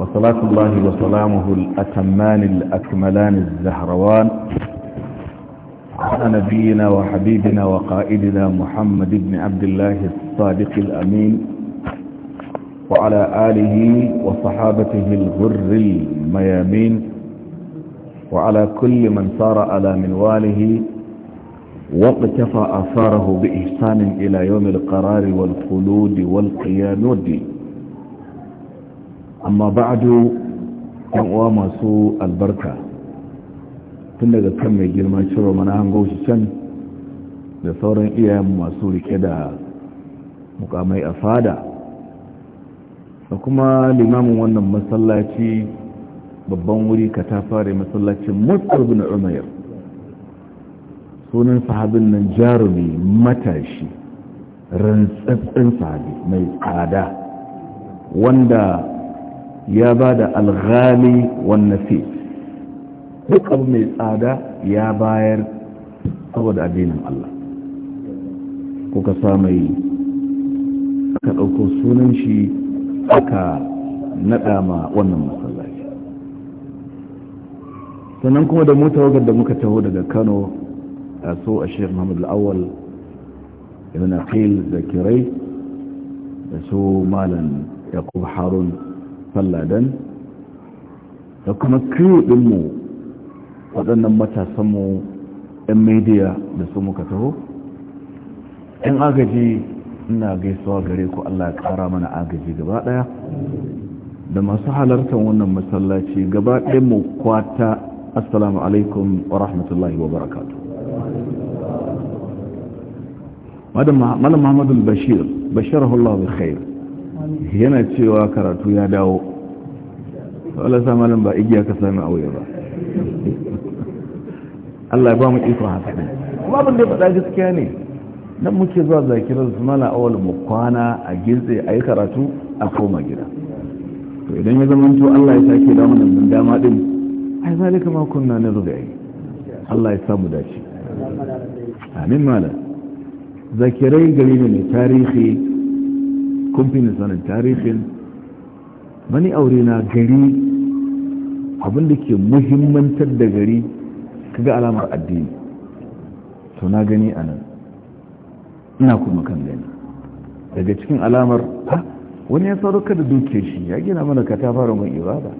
وصلاة الله وسلامه الأتمان الأكملان الزهروان على نبينا وحبيبنا وقائدنا محمد بن عبد الله الصادق الأمين وعلى آله وصحابته الغر الميامين وعلى كل من سار على منواله واقتفى آثاره بإحسان إلى يوم القرار والخلود والدين amma ba'adu yan uwa masu albarka tun daga kan mai girma ciro mana hango shi can da sauran iyayen masu rike da mukamai a fada da kuma limamin wannan masallaci babban wuri ka ta fara masallacin mutsar bin umar sunan sahabin nan jarumi matashi rantsatsin sahabi mai tsada wanda ya ba da alghali wannafi duk abu mai tsada ya bayar saboda addinin Allah kuka samai aka ɗauko sunan shi aka naɗa ma wannan masallaci sannan kuma da mu tawagar da muka taho daga kano a so a shek muhammad al'awal ibn aqil da kirai da so malam yaqub harun sallah da kuma crew ɗinmu waɗannan matasanmu 'yan media da su muka taho in agaji ina gaisuwa gare ku Allah ya ƙara mana agaji gaba ɗaya da masu halartar wannan masallaci gaba mu kwata assalamu alaikum wa rahmatullahi wa barakatu malam muhammadu bashir bashir Allah bi khair yana cewa karatu ya dawo Allah sa malam ba igiya ka sami auye ba Allah ba mu iko haka ne kuma abin da ya faɗa gaskiya ne nan muke zuwa zakirar su mala awal mu kwana a gintse a yi karatu a koma gida to idan ya zama to Allah ya sake da wannan dama din ai zalika ma kunna na zuga yi Allah ya samu dace amin mala zakirai gari ne mai tarihi kun fi ni sanin tarihin mani aure na gari abin da ke muhimmantar da gari kaga alamar addini to na gani a nan ina kuma kan gani daga cikin alamar ha wani ya sauruka da duke shi ya gina mana ka ta fara mai ibada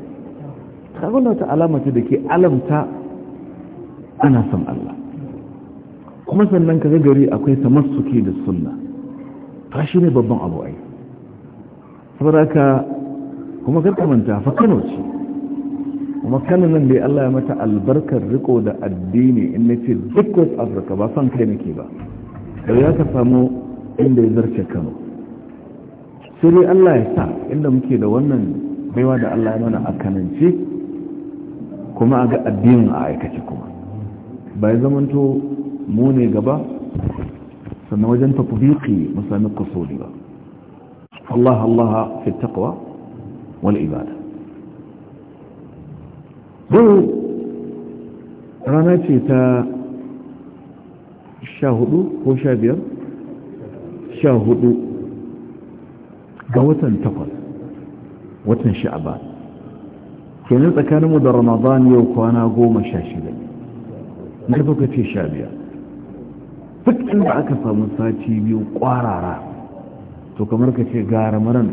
kagun wata alama ce da ke alamta ana son Allah kuma sannan ka gari akwai suke da sunna ta shi ne babban abu ai saboda kuma kan kamanta fa Kano ce kuma Kano nan dai Allah ya mata albarkar riko da addini in na ce duk West Africa ba san kai nake ba da ya ka samu inda ya zarce Kano sai dai Allah ya sa inda muke da wannan baiwa da Allah ya mana a kanance kuma a ga addinin a aikace kuma ba ya zamanto mu ne gaba sannan wajen tafbiki mu sami kusuri ba الله الله في التقوى والإبادة ذو راناتي تا شاهدو وشابير شاهدو قوة تقل watan sha'aba kenan tsakaninmu da ramadan yau kwana goma sha shida na suka ce sha biyar duk inda aka samu sati biyu kwarara to kamar ka ce gara maran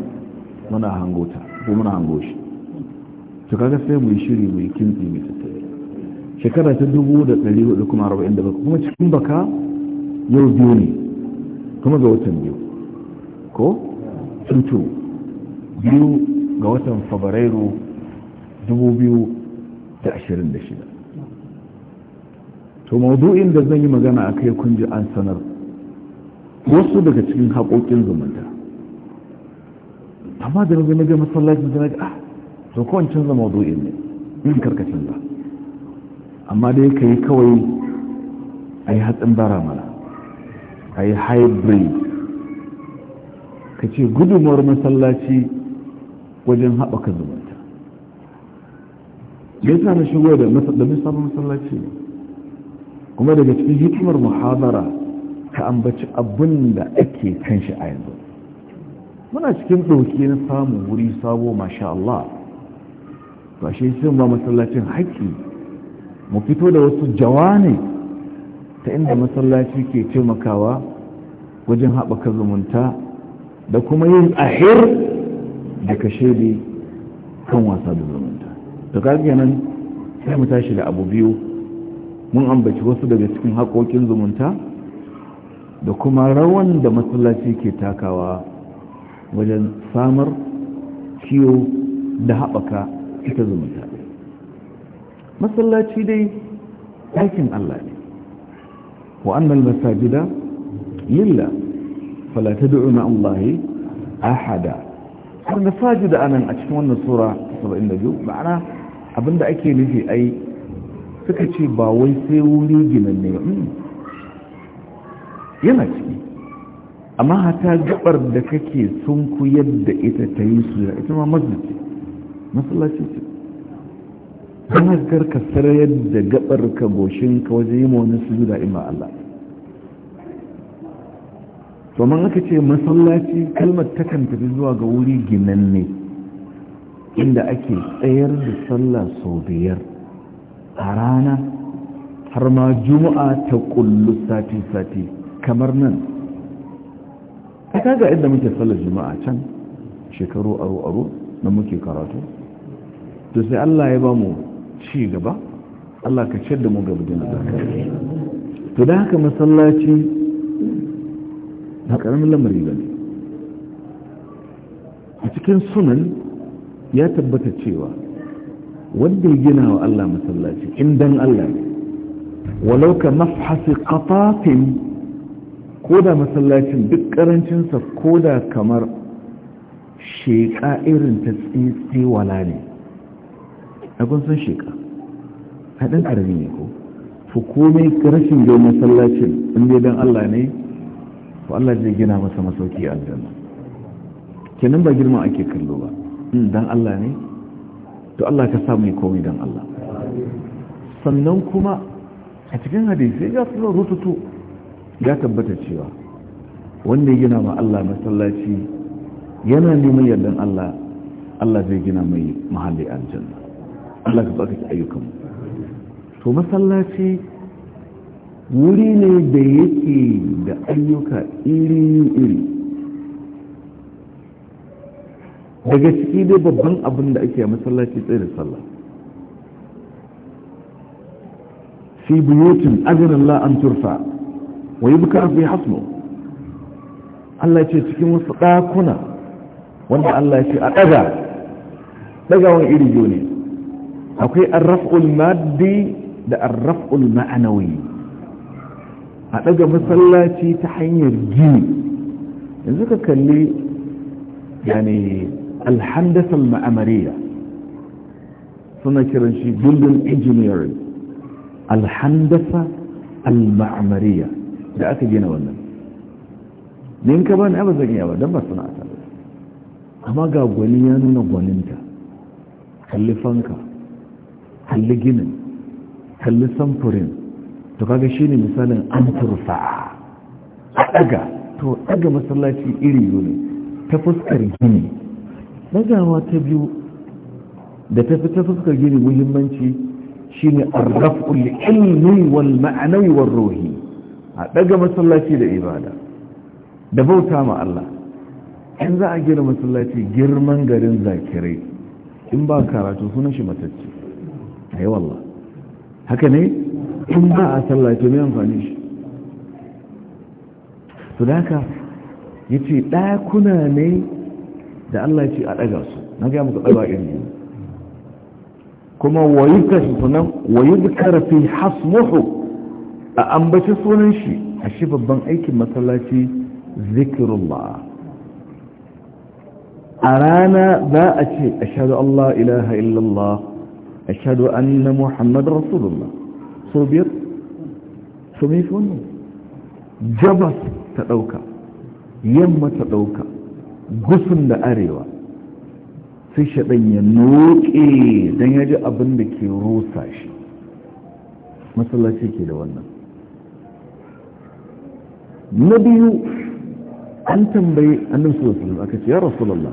muna hangota ko muna hango shi to kaga sai mu yi shiri mu yi kintsi mai tattare shekara ta dubu da ɗari hudu kuma arba'in da kuma cikin baka yau biyu ne kuma ga watan biyu ko tutu biyu ga watan fabrairu dubu biyu da ashirin da shida to maudu'in da zan yi magana a kai kun ji an sanar wasu daga cikin haƙoƙin zumunta amma da nazo naga masallacin da naga ah to kawai canza mawdu'in ne in karkacin ba amma dai yi kawai a yi hatsin bara mana a yi hybrid kace gudumar masallaci wajen haɓaka zumunta me sa na shigo da masallaci ne kuma daga cikin hikimar muhabara ka ambaci abin da ake kan shi a yanzu muna cikin ɗauki na samun wuri sabo masha Allah ba shi sun ba masallacin haƙƙi mu fito da wasu jawani ta inda masallaci ke taimakawa wajen haɓaka zumunta da kuma yin ahir da kashe kan wasa da zumunta da ƙarfi nan sai mu tashi da abu biyu mun ambaci wasu daga cikin haƙoƙin zumunta da kuma rawan da masallaci ke takawa wajen samar ciwo da haɓaka ita zumunta masallaci dai aikin Allah ne wa annal masajida lilla fala tad'u ma Allah ahada har masajida anan a cikin wannan sura 72 ma'ana abinda ake nufi ai suka ce ba wai sai wuri ginanne ba hmm. yana ciki amma hata gabar da kake sun ku yadda ita ta yi su ita ma masjid masallaci ce kuma garka sarayar da gabar ka goshin ka waje yi ma wani sujuda ima Allah to man aka ce masallaci kalmar takan tafi zuwa ga wuri ginan ne inda ake tsayar da sallah sau biyar a rana har ma juma'a ta kullu sati-sati kamar nan a kaga inda muke sallar juma'a can shekaru aro-aro na muke karatu to sai Allah ya ba mu ci gaba Allah ka ciyar da mu gaba da zakari to da haka masallaci ba karamin lamari ba ne a cikin sunan ya tabbata cewa wanda ya gina wa Allah masallaci in dan Allah ne walau ka mafhasi qatatin ko da masallacin duk karancinsa ko da kamar sheƙa irin ta wala ne abin san sheƙa haɗin ƙarfi ne ko to komai rashin yau masallacin inda don Allah ne to Allah zai gina masa masauki a aljanna kenan ba girma ake kallo ba hmm, don Allah ne to Allah ka samu komai don Allah sannan kuma a cikin hadisi ya fi rututu ya tabbata cewa wanda ya gina ma Allah masallaci yana neman yardan Allah Allah zai gina mai mahalli aljanna Allah ka tsaka ayyukan to masallaci wuri ne da yake da ayyuka iri-iri daga ciki dai babban abin da ake a masallaci tsaye da sallah fi buyutin turfa wa yubka fi hasbu Allah ce cikin wasu ɗakuna wanda Allah ce a ɗaga ɗagawan iri biyu ne akwai arraf'ul maddi da arraf'ul ma'anawi a ɗaga masallaci ta hanyar gini yanzu ka kalli yani alhandasal ma'amariya suna kiran shi building engineering alhandasa al-ma'amariya da aka gina wannan da in ka bani ba zan iya ba don ba suna ta amma ga gwani ya nuna gwaninta kalli fanka kalli ginin kalli samfurin to kaga shi ne misalin an turfa a daga to daga masallaci iri biyu ne ta fuskar gini dagawa ta biyu da ta fi ta fuskar gini muhimmanci shine arraf'ul ilmi wal ma'anai wal ruhi a daga masallaci da ibada da bauta ma Allah in za a gina masallaci girman garin zakirai in ba karatu sunan shi matacce a yi wallah haka ne in ba a sallaci mai amfani shi su da haka ya ce ɗakuna ne da Allah ce a ɗaga su na gaya muka ɗaga irin yanzu kuma wayi sunan wayi karfi hasmuhu a ambaci sunan shi a shi babban aikin masallaci zikirullah a rana za a ce ashadu Allah ilaha illallah ashadu anna muhammad rasulullah so biyar Su mai sunu jabas ta ɗauka yamma ta ɗauka gusun da arewa sai shaɗan ya noƙe don ya ji abin da ke rusa shi masallaci ke da wannan na biyu an tambayi annan wasu aka ce ya rasulallah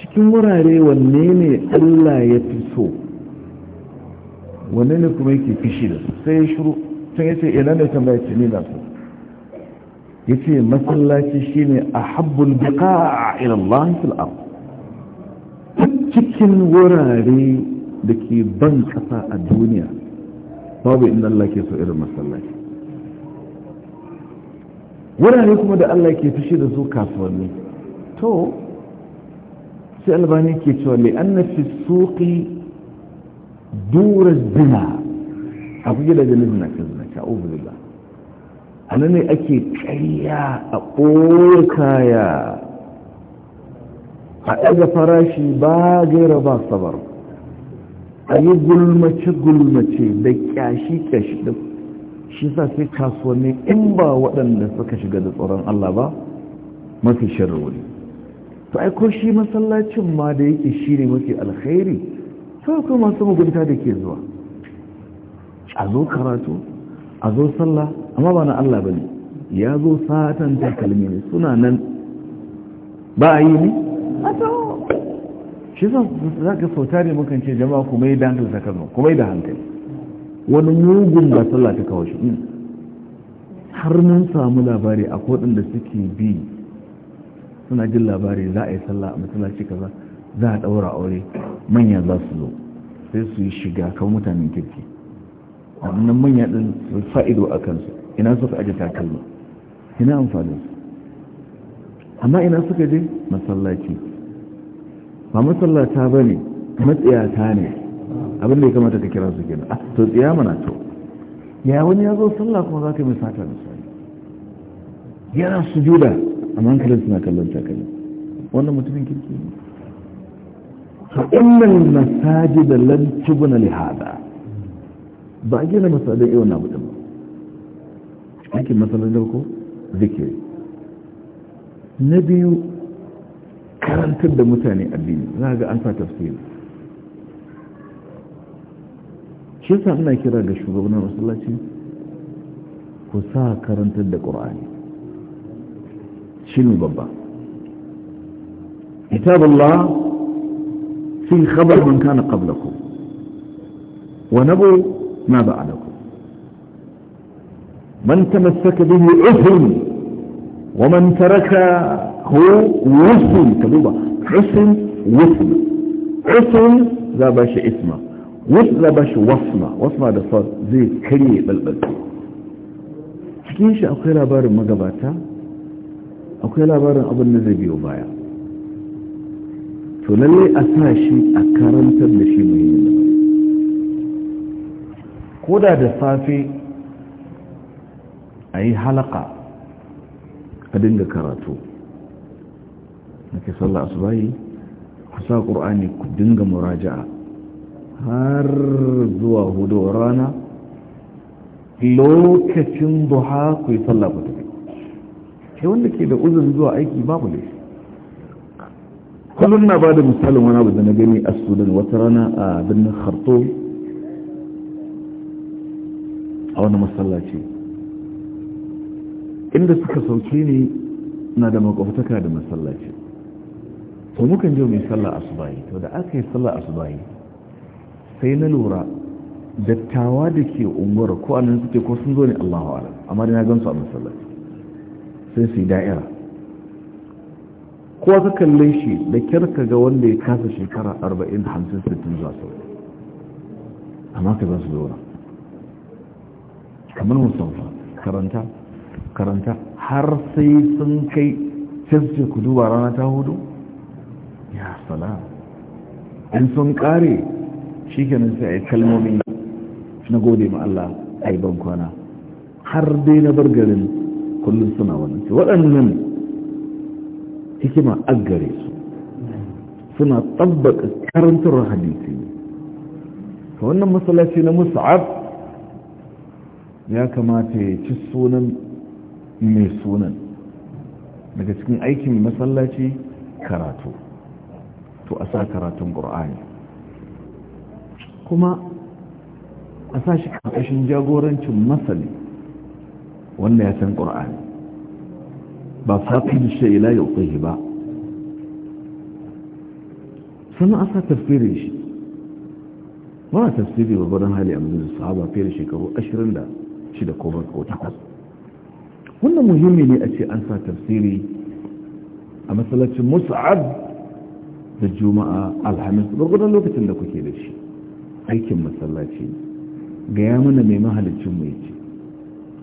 cikin wurare wanne ne allah ya fi so wanne ne kuma yake fishi da su sai ya shuru can ya ce ina eh, ne tambaya ce ni na so ya ce masallaci shi ne a habbul bika a ilallahi fil'am cikin wurare da ke ban kasa a duniya babu inda allah ke so irin masallaci wurare kuma da Allah ke fushi da su kasuwanni to sai albani ke cewa an na fi suƙi dura zina a kuke da zina ka zina ka ubu A anan ne ake ƙarya a ɓoye kaya a ɗaga farashi ba gaira ba sabar a yi gulmace-gulmace da kyashi-kyashi da shi sa sai kasuwanni in ba waɗanda suka shiga da tsoron Allah ba mafi ne. to ai ko shi masallacin ma da yake shi ne mafi alkhairi sai ko masu mugunta da ke zuwa a zo karatu a zo sallah amma ba na Allah bane ya zo satan kalmi ne suna nan ba a yi ne a shi sa za ka sauta ne mukan ce jama'a kuma yi da hankali sakarwa kuma yi da hankali wani mugun ba sallah ta kawo shi mm. har mun samu labari a kodin da suke bi suna jin labari za a yi sallah a masallaci kaza za a daura aure manya za su zo sai su yi shiga kan mutanen kirki wannan manya din su fa'ido a kansu ina suka aje takalma ina amfani su amma ina suka je masallaci ba masallata ba ne matsiyata ne abin da ya kamata ka kira su gina a ah, to tsiya mana to ya wani ya zo sallah kuma za ka yi sata misali yana su juda amma mankalin suna kallon takalmi wannan mutumin kirki ne fa innal masajida lan tubna li hada ba gina masajidai yau na mutum ba aikin da ko zikiri na biyu karantar da mutane addini za ga an sa tafsiri shi yasa muna kira ga shugabannin masallaci ku sa karantar da ƙur'ani shi ne babba kitab Allah fi khabar man kana qablakum wa nabu ma ba'dakum man tamassaka bihi usun wa man taraka hu wusun kaduba usun wusun usun za ba shi isma wasu ba shi wasma wasma da sa zai karye balbal cikin shi akwai labarin magabata akwai labarin abin da zai biyo baya to lalle a sa shi a karantar da shi muhimmin ko da da safe a yi halaka a dinga karatu nake sallah asubahi ku sa ƙur'ani ku dinga muraja'a har zuwa hudu rana lokacin duha ku yi sallah ku tafi ke wanda ke da uzun zuwa aiki babu ne kullum na ba da misalin wani abu da na gani a sudan wata rana a birnin khartoum a wani masallaci inda suka sauke ne na da makwabtaka da masallaci to mukan je yi sallah asubahi to da aka yi sallah asubahi sai na lura dattawa da ke unguwar ko nan suke ko sun zo ne Allahu ala amma da na gan su a masallaci sai su yi da'ira ko ka kalle shi da kyar ka ga wanda ya kasa shekara 40 hamsin sittin zuwa sau amma ka za su zo kamar musamman karanta karanta har sai sun kai sai ku duba rana ta hudu ya salam in sun kare shi nan sai a yi kalmomi na gode ma Allah a yi bankwana har dai na bar garin kullum suna wannan su. waɗannan hikima a gare su suna tabbaka karantar hadisi ka wannan masallaci na musa'ab ya kamata ya ci sunan mai sunan daga cikin aikin masallaci karatu to a sa karatun ƙur'ani kuma a sashi ƙarƙashin jagorancin masani wanda ya san ƙur'ani ba fatin shi ila yau ba sannan a sa tafsirin shi mana tafsiri babban hali a mulkin sahaba fiye da shekaru 26 ko ko takwas wannan muhimmi ne a ce an sa tafsiri a masallacin musa'ad da juma'a alhamis gwargwadon lokacin da kuke da shi aikin masallaci gaya mana mai mahalicin mu yace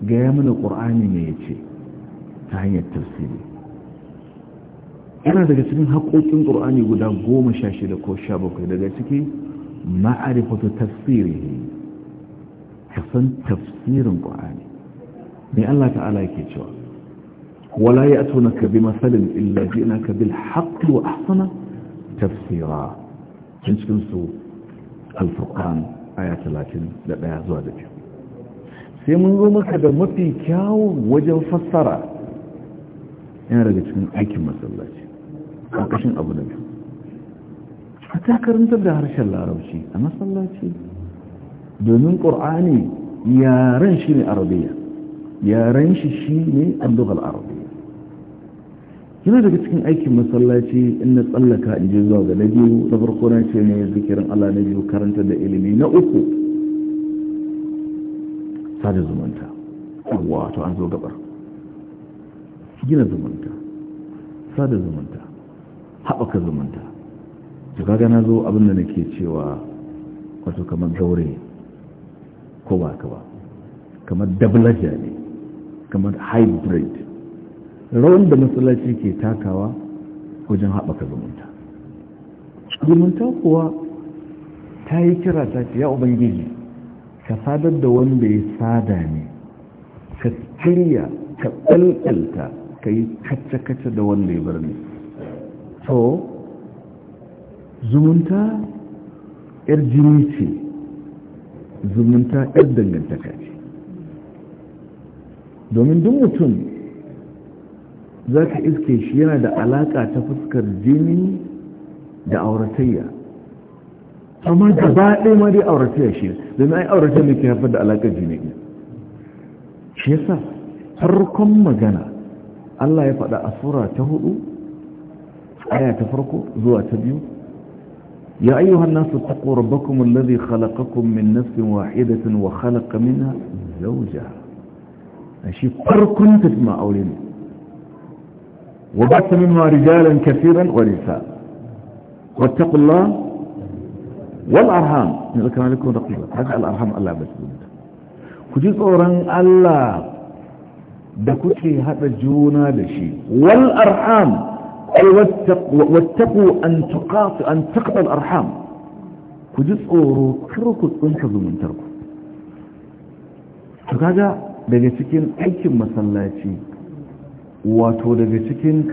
gaya mana qur'ani ne ce ta hanyar tafsiri yana daga cikin haƙoƙin qur'ani guda goma sha shida ko sha bakwai daga ciki ma'arifatu ne ka san tafsirin qur'ani me Allah ta'ala yake cewa wala ya'tunaka masalin illa ji'naka bil haqqi wa ahsana tafsira cikin su al-furqan aya 31 zuwa da sai mun zo maka da mafi kyawun wajen fassara yana daga cikin aikin masallaci ƙarƙashin abu na biyu a takarantar da harshen larabci a masallaci domin ƙur'ani yaren shi ne arabiya yaren shi shi ne al yana daga cikin aikin masallaci in na tsallaka in je zuwa ga na biyu na farko na ce ne zikirin Allah na biyu karanta da ilimi na uku sada zumunta wato an zo gabar gina zumunta sada zumunta haɓaka zumunta to kaga na zo abin da nake cewa wato kamar gaure ko ba ka ba kamar dablaja ne kamar hybrid rawan da masallaci ke takawa wajen haɓaka zumunta zumunta kuwa ta yi kira ta ce ya ubangiji ka sadar da wanda ya sada ne ka tsirya ka ɗalɗalta ka yi kacce-kacce da wanda ya bar ne to zumunta yar jini ce zumunta yar dangantaka ce domin duk mutum za ka iske shi yana da alaƙa ta fuskar jini da auratayya amma gaba ɗaya ma dai auratayya shi don ai auratayya ne ke haifar da alaƙar jini ne shi yasa farkon magana Allah ya faɗa a sura ta hudu aya ta farko zuwa ta biyu يا أيها الناس اتقوا ربكم الذي خلقكم من نفس واحدة وخلق منها زوجها أشي فرق تجمع أولين وبعث منها رجالا كثيرا ونساء واتقوا الله والأرحام إن ذكر لكم رقيبا هذا الأرحام الله بس بنت كجيز الله دكوتي هذا جونا لشي والأرحام واتقوا أن تقاطع أن تقطع الأرحام كجيز أورو كركوا من تركوا فكذا دقيتكين أيكم مثلا wato daga cikin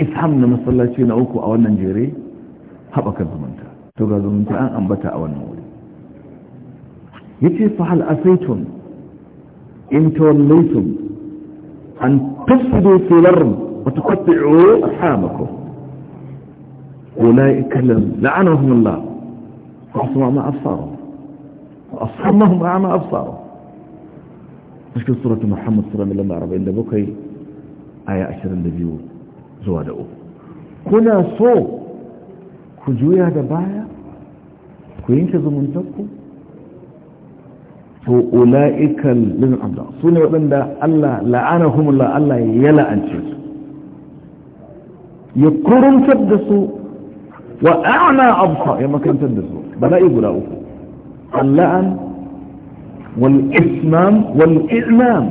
isham na masallaci na uku a wannan jere haɓaka zumunta to ga zumunta an ambata a wannan wuri yace fa hal asaitun in tawallaytum an tufsidu filar wa tuqatti'u arhamakum ulaika la'anahum Allah wa asma ma absarahum wa asmahum ma absarahum cikin suratu muhammad sura milamba arba'in da bakwai aya 22 zuwa da uku kuna so ku juya da baya ku yanke zumuntarku to ula'ikal min abda sune ne Allah la'anahumullah Allah ya la'ance su ya kuruntar da su wa a'na absa ya makantar da su bala'i guda uku Allah an والإسمام والإعمام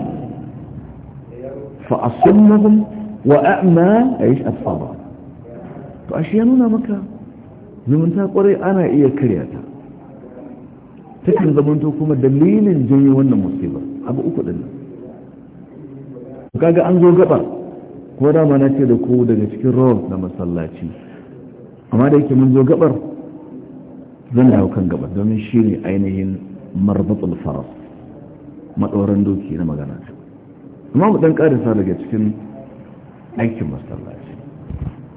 فأصمهم وأعمى أيش أطفالا فأشيانونا مكة زمن تقري أنا إيا كرياتا تكن زمن تقوم دليل جي وانا مصيبة أبو أكو دلنا وكاقا أنزو قبا كورا ما ناتي دكو دكتك الروض لما صلاتي أما ديكي منزو قبر zan dawo kan gaba domin shi ne ainihin marbatul faras matsoron doki na magana ta amma mu dan karisa daga cikin aikin masallaci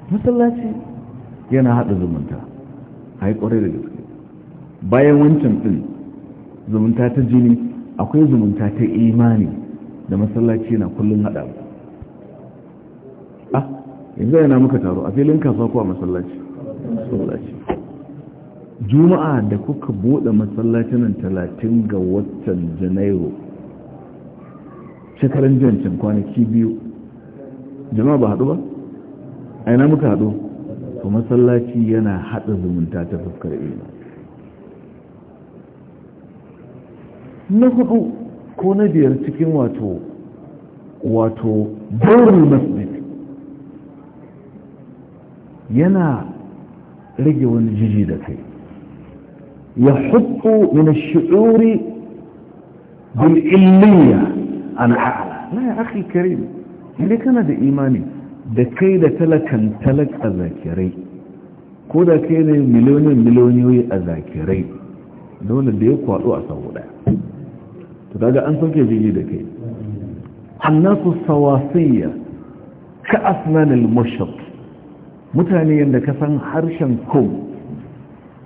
masallaci yana haɗa zumunta a yi ƙwarai da gaske bayan wancan ɗin zumunta ta jini akwai zumunta ta imani da masallaci na kullum haɗa ah yanzu yana muka taro a filin kasuwa ko a masallaci masallaci juma'a da kuka buɗe masallacin nan talatin ga watan janairu shekaran jancin kwanaki biyu jama'a ba haɗu ba a ina muka haɗu to masallaci yana haɗa zumunta ta fuskar ilimi na hudu ko na biyar cikin wato wato masjid yana rage wani jiji da kai ya hudu min shi'uri bil illiya an a'ala na ya akhi kana da imani da kai da talakan talak a zakirai ko da kai ne miliyoniyan miliyoniyoyi a zakirai dole da ya a sau ɗaya to daga an sauke jini da kai annasu sawasiyya ka asnanil mushab mutane yadda ka san harshen kom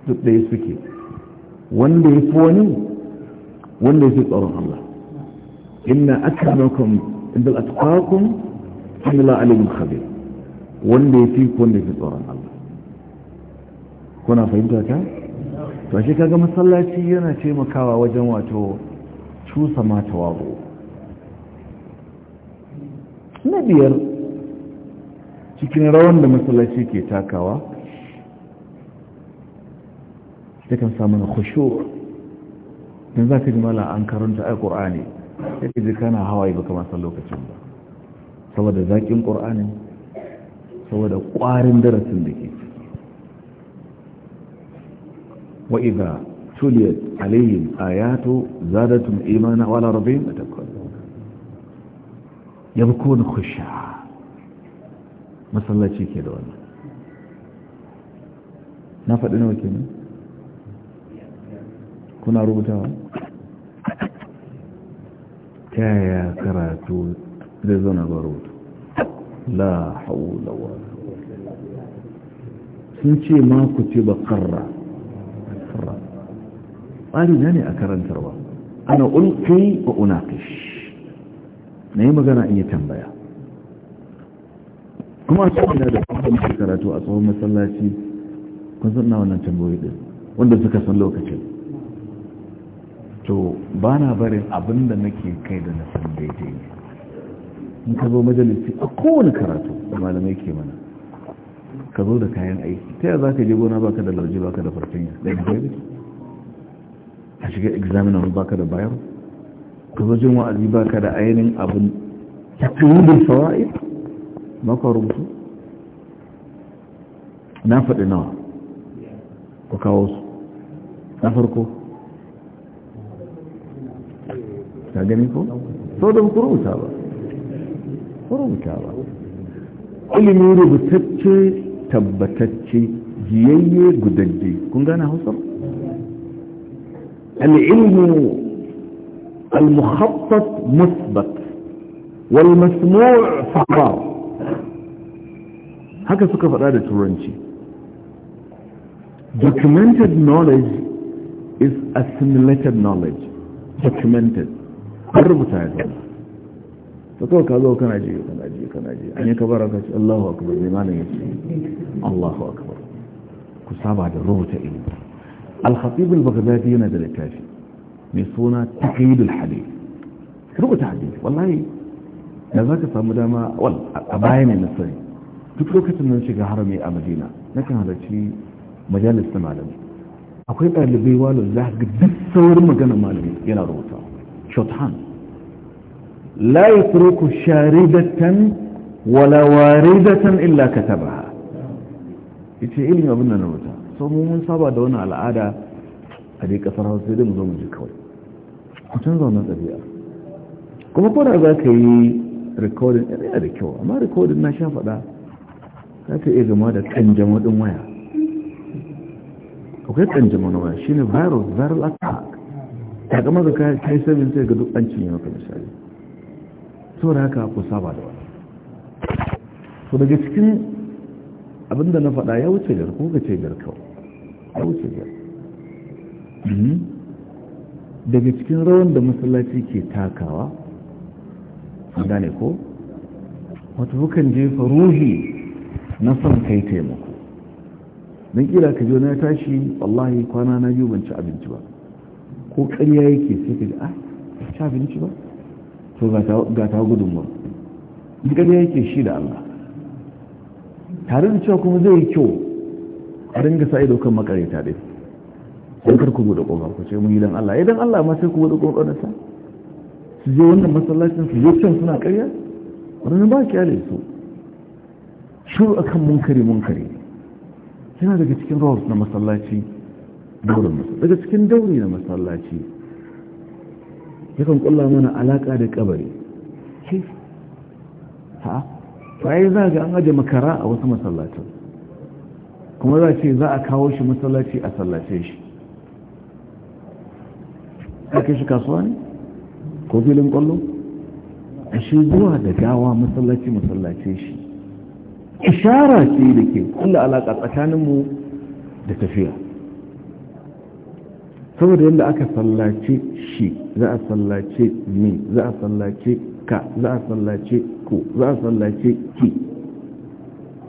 duk ɗaya suke wanda ya fi wani wanda ya fi tsaron Allah inna akramakum inda atqakum inna la alimul khabir wanda yafi ku wanda yafi tsoron Allah kuna fahimta ka to shi kaga masallaci yana taimakawa wajen wato cusa ma tawabu na biyar cikin rawan da masallaci ke takawa ta kan samu na khushu dan zaka ji mala an karanta alqur'ani sai ji kana hawaye baka ma san lokacin ba saboda zaƙin ƙur'anin saboda ƙwarin darasin da ke ciki wa idza tuliyat alaihim ayatu zadatum imana wala rabbihim taqabbal yabkun khusha masallaci ke da wannan na faɗi nawa kenan kuna rubutawa ta ya karatu da zana na la haula wa sun ce ma ku ce ba karra ƙwari ne a karantarwa ana ulki wa unaqish na yi magana in yi tambaya kuma a da kuma karatu a tsohon masallaci kun san wannan tambayoyi din wanda suka san lokacin to ba na barin abin da nake kai da na san daidai ne in ka zo majalisi a kowane karatu da malamai ke mana ka zo da kayan aiki ta yi za ka je gona baka da lauje baka da farfinya da ibrahim a shiga ba baka da bayar ka zo jin wa'azi baka da ainihin abin da sawa'i maka rubutu na faɗi nawa ku kawo su na farko ka gani ko so da ku rubuta ba ku rubuta ba ilimi rubutacce tabbatacce jiyayye gudadde kun gane hausa muhabbat musbat wal masmur فقار haka suka faɗa da turanci documented knowledge is assimilated knowledge documented an rubuta ya zama ta kawai ka zo kana ji kana ji kana ji an yi kabara ka kaci. Allahu akbar mai malam yace Allahu akbar ku saba da rubuta ilimi al-khatib al-baghdadi yana da littafi mai suna taqyid al-hadith rubuta hadisi wallahi da za ka samu dama wal a baya ne na sani duk lokacin nan shiga harami a madina na kan halarci majalis na malami akwai ɗalibai walon za ga duk saurin magana malami yana rubuta shorthand ku share sharidatan wala waridatan illa katabaha yace ilimi abin nan na so mu mun saba da wannan al'ada a dai kasar Hausa dai mu zo mu ji kawai ku canza wannan tabi'a kuma ko da za ka yi recording ɗaya da kyau amma rikodin na sha faɗa za ka iya zama da kan jamaɗin waya akwai kan jamaɗin waya shine virus viral attack takamar da ka yi sabin sai ga duk an cinye maka misali to da haka ku saba da wani to daga cikin abinda na faɗa ya wuce garko ga ce garko ya wuce garko mhm. daga cikin rawan da masallaci ke takawa gane ko wata hukan jefa ruhi na son kai taimako don kira ka jo na tashi wallahi kwana na biyu ban ci abinci ba ko ƙarya yake sai ka ji ah ci abinci ba to ga ta gudunmuwa duk da yake shi da Allah tare da cewa kuma zai yi kyau a dinga sa ido kan makareta ɗin sai karku ku buɗe ƙofa ku ce mun yi dan Allah idan eh, Allah ma sai ku buɗe ƙofa na sa su je wannan masallacin su je suna ƙarya wannan ba kyale su shiru kan munkari munkari yana daga cikin rawar na masallaci daurin masallaci daga cikin dauri na masallaci yakan kulla mana alaka da kabari shi ha sai za ga an aje makara a wasu masallacin kuma za ce za a kawo shi masallaci a sallace shi ake shi kasuwa ne ko filin kwallo a shi zuwa da gawa masallaci masallace shi ishara ce da ke kulla alaka tsakaninmu da tafiya saboda yadda aka sallace shi za a sallace ni za a sallace ka za a sallace ku za a sallace ki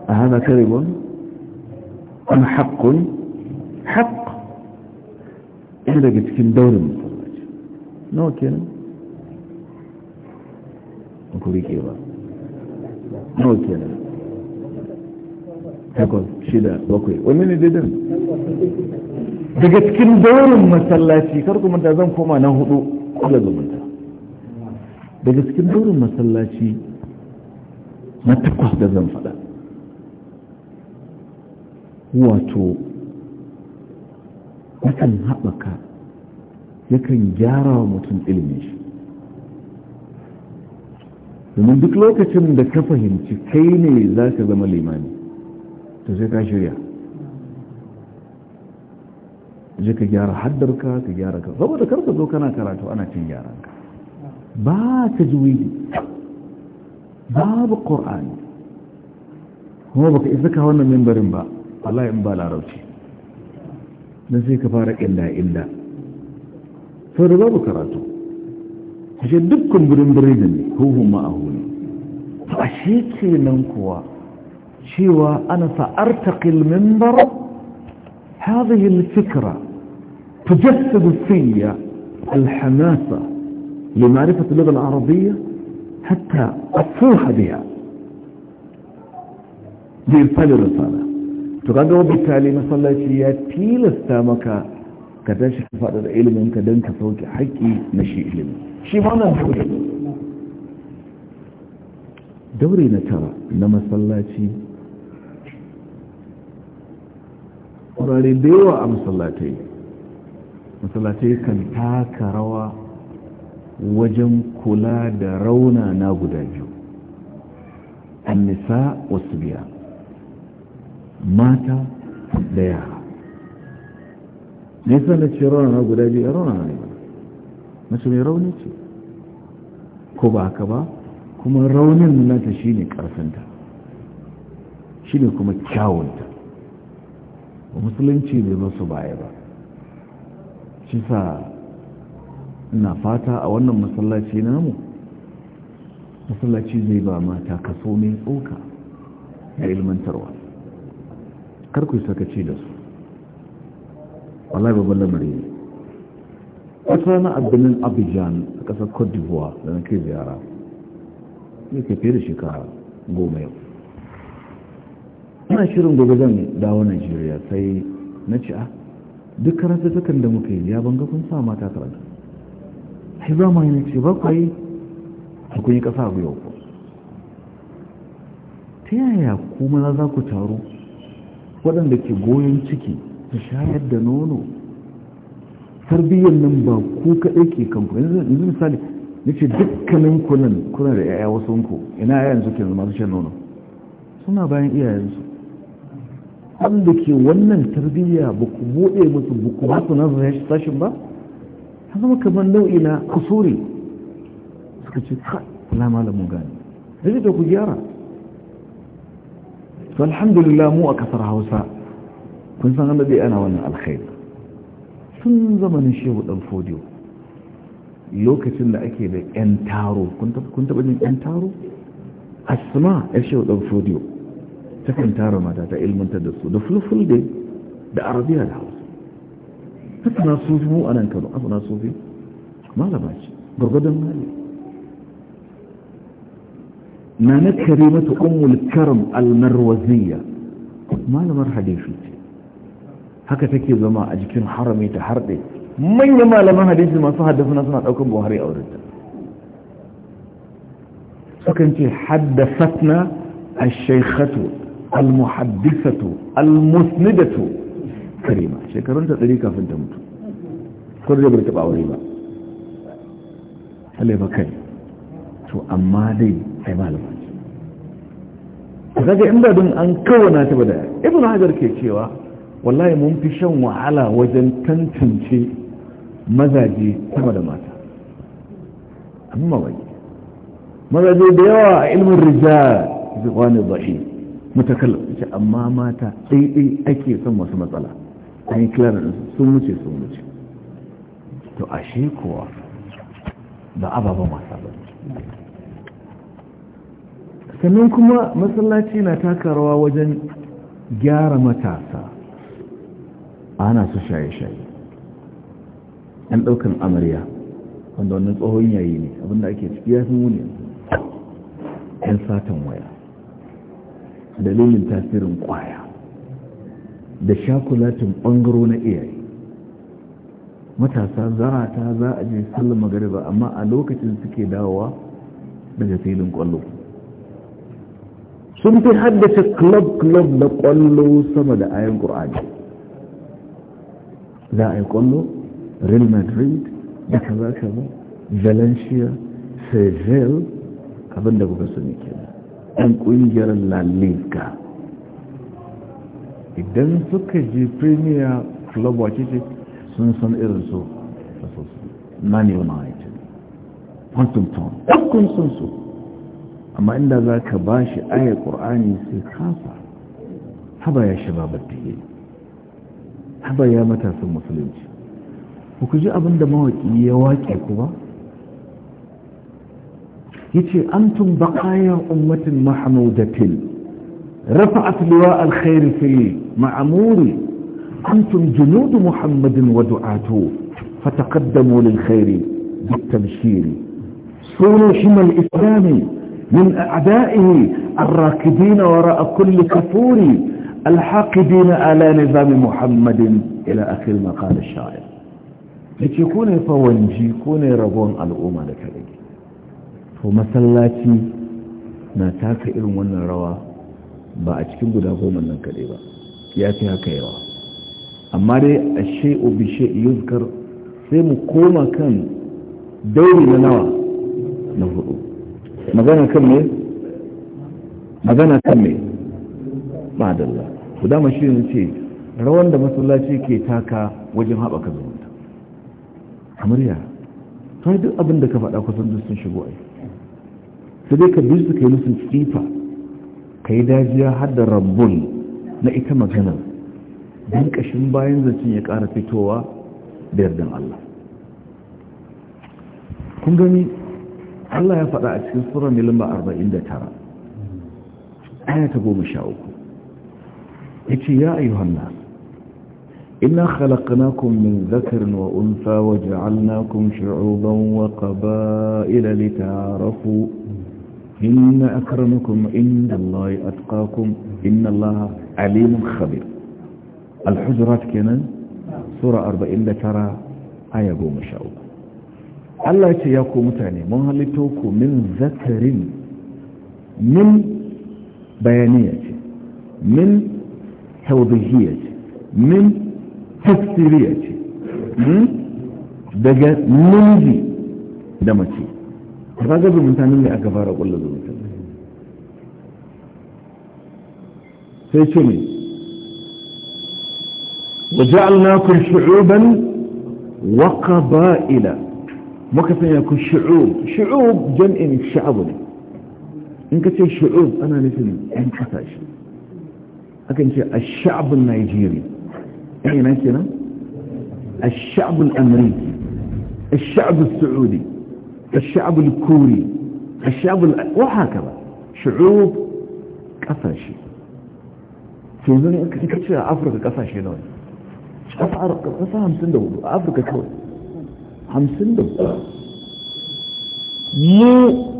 a hana karibun an haƙƙun haƙ ɗaya daga cikin daurin masallaci nawa kenan ku ke ba na nawa kenan takwas shida bakwai wani ne daidan daga cikin daurin masallaci kar ku manta zan koma na hudu kula zumunta daga cikin daurin masallaci na takwas da zan faɗa wato yakan haɓaka yakan gyara wa mutum ilimi shi domin duk lokacin da ka fahimci kai ne za ka zama limani to sai ka shirya je ka gyara haddarka ka gyara ka saboda kar ka zo kana karatu ana cin gyaran ka ba tajwidi babu qur'ani kuma baka isa ka wannan membarin ba Allah in ba larabci dan sai ka fara illa illa saboda babu karatu ashe dukkan birin birnin ne huhun ma'ahu ne ashe ce nan kuwa cewa ana sa'artaƙil mimbar هذه الفكرة تجسد في الحماسة لمعرفة اللغة العربية حتى أفوح بها لإرسال الرسالة تقدروا بالتالي مثلا في يتيل السامك كتاش حفاظ العلم انك دنك صوت حكي مشي علم شي معنى الحكي دوري نترى لما صلى شيء ديوة أم صلى masallatai kan taka rawa wajen kula da rauna na guda biyu annisa wasu biya mata da yara nisa da ce rauna na guda biyu eh, rauna ne mace mai rauni ce ko ba haka ba kuma raunin nata ƙarfinta, karfinta ne kuma kyawunta musulunci bai masu baya ba shi sa ina fata a wannan masallaci namu masallaci zai ba mata kaso mai tsoka na ilmantarwa karku sakaci da su wallahi babban lamari ne wata na a birnin abidjan a ƙasar cote d'ivoire da na kai ziyara ne ke fiye da shekara goma yau ina shirin gobe zan dawo nigeria sai na ci a ah, duk karatu takan da muka yi ya banga kun sa mata karatu sai za mu yana ce ba ku yi a kun yi ƙasa ku yau ta yaya kuma za ku taru waɗanda ke goyon ciki su shayar da nono tarbiyyar nan ba ku kaɗai ke kanku yanzu misali na ce dukkanin kunan kuna da 'ya'ya wasu ku ina yayan ke zama su shan nono suna bayan iyayensu wanda ke wannan tarbiyya ba ku buɗe musu ba ku ba su nan sashin ba ta zama kamar nau'i na kusuri suka ce ka na malamin gani zai da ku gyara to alhamdulillah mu a kasar hausa kun san annabi ana wannan alkhair sun zamanin shehu dan fodiyo lokacin da ake da yan taro kun taba jin yan taro asma yar shehu dan fodiyo takan tara mata ta ilmantar da su da fulful dai da arabiya da hausa hasana sufi mu anan kano hasana sufi malama ce gwargwadon mali na na karimatu ummul karam almarwaziyya malamar hadisi ce haka take zama a jikin harami ta harɗe manyan malaman hadisi masu haddasa suna ɗaukar buhari a wurinta sukan ce haddasatna a shaikhatu almuhaddisatu almusnidatu karima shekarunta ɗari kafin ta mutu ko da bai taɓa aure ba halifa kai to amma dai ai malama kaga in ba don an kawana ta ba da ibn hajar ke cewa wallahi mun fi shan wahala wajen tantance mazaje sama da mata amma bai mazaje da yawa a ilmin rijal zuwa ne mutakallam ce amma mata ɗaiɗai ake son wasu matsala an yi kilarar sun wuce sun wuce to ashe kuwa ba ababen wasa ba sannan kuma masallaci na taka rawa wajen gyara matasa ana su shaye-shaye ɗan ɗaukan amarya wanda wannan tsohon yayi ne abinda ake ciki ya fi wuni yan satan waya dalilin tasirin kwaya da shakulatin ɓangaro na iyaye matasa zarata za a je sallar magariba amma a lokacin suke dawowa daga filin kwallo sun fi haddace club-club da kwallo sama da ayan ƙur'ani za a yi kwallo real madrid da kaza-kaza valencia seville abinda kuka sani kenan ɗan ƙungiyar la liga idan suka je premier club wace ce sun san irin su man united huntington ɗaukun sun su amma inda za ka ba shi aya ƙur'ani sai kasa haba ya shi babar yi haba ya matasan musulunci ku ji abin da mawaƙi ya waƙe ku ba yace antum baqaya ummatin mahmudatin rafa'at liwa alkhair fi ma'muri antum junud muhammadin wa du'atu fataqaddamu lilkhair بالتبشير صوروا شمل الإسلام من أعدائه الراكدين وراء كل كفور الحاقدين على نظام محمد إلى آخر ما قال الشاعر لكي يكون فونجي ربون الأمة لكذلك to masallaci na taka irin wannan rawa ba a cikin guda goma nan kaɗai ba ya fi haka yawa amma dai a she'o bi she'i yuzkar sai mu koma kan dauri na nawa na hudu magana kan me magana kan me ma'adalla ku dama shi ne ce rawan da masallaci ke taka wajen haɓaka zumunta kamar ya yi duk abin da ka faɗa kusan duk sun shigo ai sai dai ka bi su kai musu tsifa ka yi dajiya har da rabbul na ita maganar don kashin bayan zancen ya ƙara fitowa da yardan Allah kun gani Allah ya faɗa a cikin sura mai lamba 49 aya ta goma sha uku ya ce ya ayyuhan nasu إنا خلقناكم من ذكر وأنثى وجعلناكم شعوبا ila لتعارفوا إن أكرمكم عند الله أتقاكم إن الله عليم خبير الحجرات كنا سورة أربعين ترى آية قوم شاء الله Allah ce ya ku mutane mun halitto ku min zakarin min bayaniya ce min taudihiyya ce min tafsiriya ce da mace ka ga zumunta nan ne aka fara kulla zumunta sai ce ne wa ja'alnakum shu'uban wa qaba'ila muka sanya ku shu'ub shu'ub jam'in sha'ab ne in ka ce shu'ub ana nufin yan kasashe akan ce ash-sha'ab an-najeri ina kenan ash-sha'ab al-amriki ash-sha'ab as-saudi الشعب الكوري الشعب ال... وهكذا شعوب قفشي تنزوني كتش أفريقيا قفشي نوي أفريقيا قفا همسن دو أفريقيا كوي همسن دو مو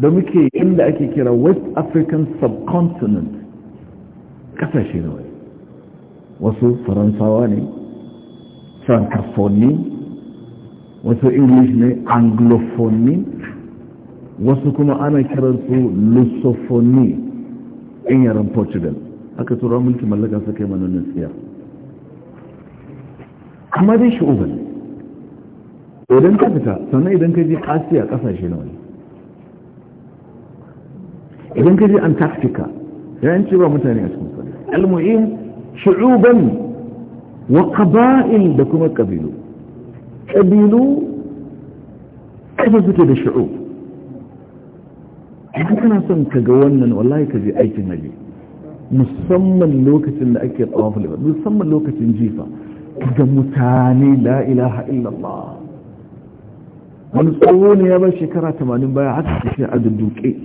da muke inda ake kira west african subcontinent kasashe ne wasu faransawa ne francophone wasu english ne anglophony wasu kuma ana kiransu lusophony in yaren portugal haka tura mulki mallaka suka yi manonin siya amma dai shi uban idan ka fita sannan idan ka je asiya kasashe na wani idan ka je antarctica yayin ce ba mutane a cikin sani al-mu'im shu'uban wa qaba'il da kuma kabilu كبيلو كبيلو كده شعوب ما كنا سن كجوانن والله كذي أي تنجي مصمم لوكة إن أكيد أفضل مصمم لوكة نجيفة جمتاني لا إله إلا الله من صوون يا باشي كرات ما نبايا عدد شيء عدد دوك إيه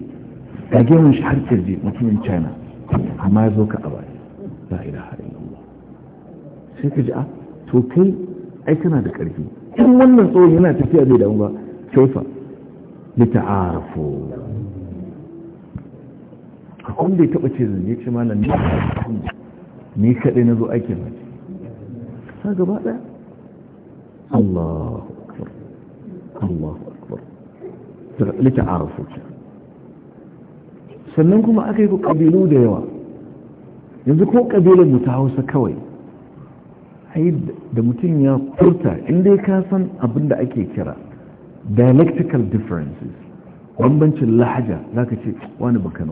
أجي من شحر من China ما يزوك أباي لا إله إلا الله شيء كذا آه؟ توكل أي كنا ذكرتيه in wannan tsohon yana tafiya zai damu ba kyausa da ta'arafu akwai bai taɓa ce zan ce nan, ne ni kaɗai na zo aikin hajji ta gaba ɗaya Allahu akbar Allahu akbar da ta'arafu sannan kuma aka yi ku ƙabilu da yawa yanzu ko ƙabilar mu ta hausa kawai ai da mutum ya furta inda ya kasan abin da ake kira dialectical differences bambancin lahaja za ka ce wani baka ne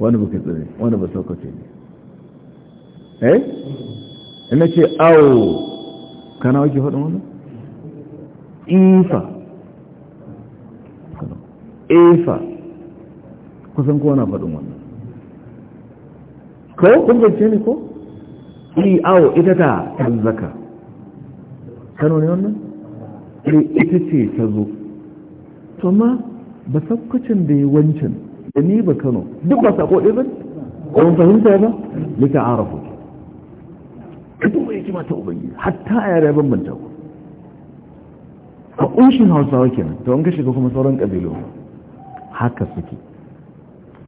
wani baka tsire wani ba saukace ne eh ina ce awo kana wake faɗin wannan ifa efa kusan kowa na faɗin wannan ko kun gance ne ko yi awo ita ta zaka kano ne wannan eh, ita ce ta zo to ma ba sakwacin da ya wancan da ni ba kano duk ba sako ɗaya ba wani fahimta ba ni ta arafu ka duba ya kima ta ubangi hatta a yare bambanta ku a ƙunshin hausawa kenan to an ka shiga kuma sauran ƙabilu haka suke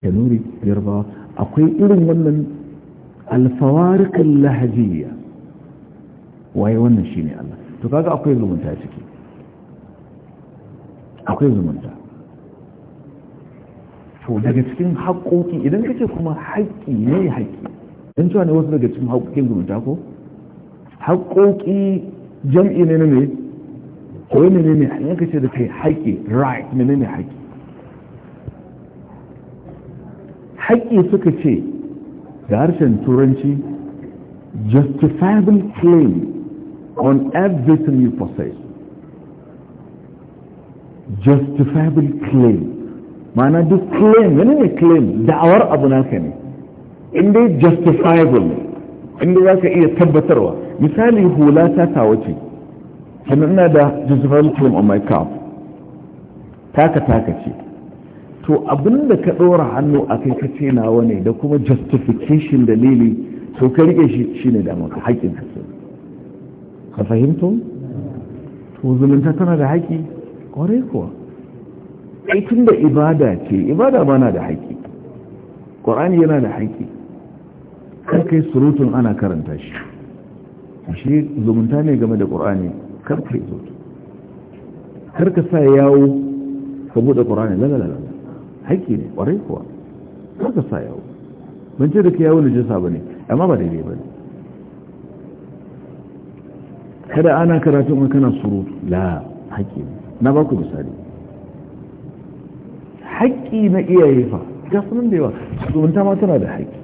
Nuri, yarbawa akwai irin wannan alfawarikin lahajiya waye wannan shi ne Allah to kaga akwai zumunta ciki akwai zumunta to daga cikin haƙoƙi idan kace kuma haƙƙi ne haƙƙi in cewa ne wasu daga cikin haƙoƙin zumunta ko haƙoƙi jam'i ne ne ko ne ne ne ka ce da kai haƙƙi right ne ne haƙƙi haƙƙi suka ce da harshen turanci justifiable claim on everything you possess justifiable claim ma'ana duk claim yana ne claim da'awar abu naka ne inda justifiable inda za ka iya tabbatarwa misali hula ta tawa ce sannan ina da justifiable claim on my car. taka taka ce to abinda ka ɗora hannu a kai ka ce nawa ne da kuma justification dalili to ka rike shi shine da maka haƙƙin ka ka fahimto to zumunta tana da haƙƙi ƙwarai kuwa ai tunda da ibada ce ibada ba na da haƙƙi ƙwarani yana da haƙƙi kar kai surutun ana karanta shi shi zumunta ne game da ƙwarani kar kai zo kar ka sa yawo ka buɗe ƙwarani lalala haƙƙi ne ƙwarai kuwa haka sa yawo ban ce da ka yawo najasa ba ne amma ba daidai ba ne kada ana karatu in kana surutu la haƙƙi ne na baku misali haƙƙi na iyaye fa ga sunan da yawa zumunta ma tana da haƙƙi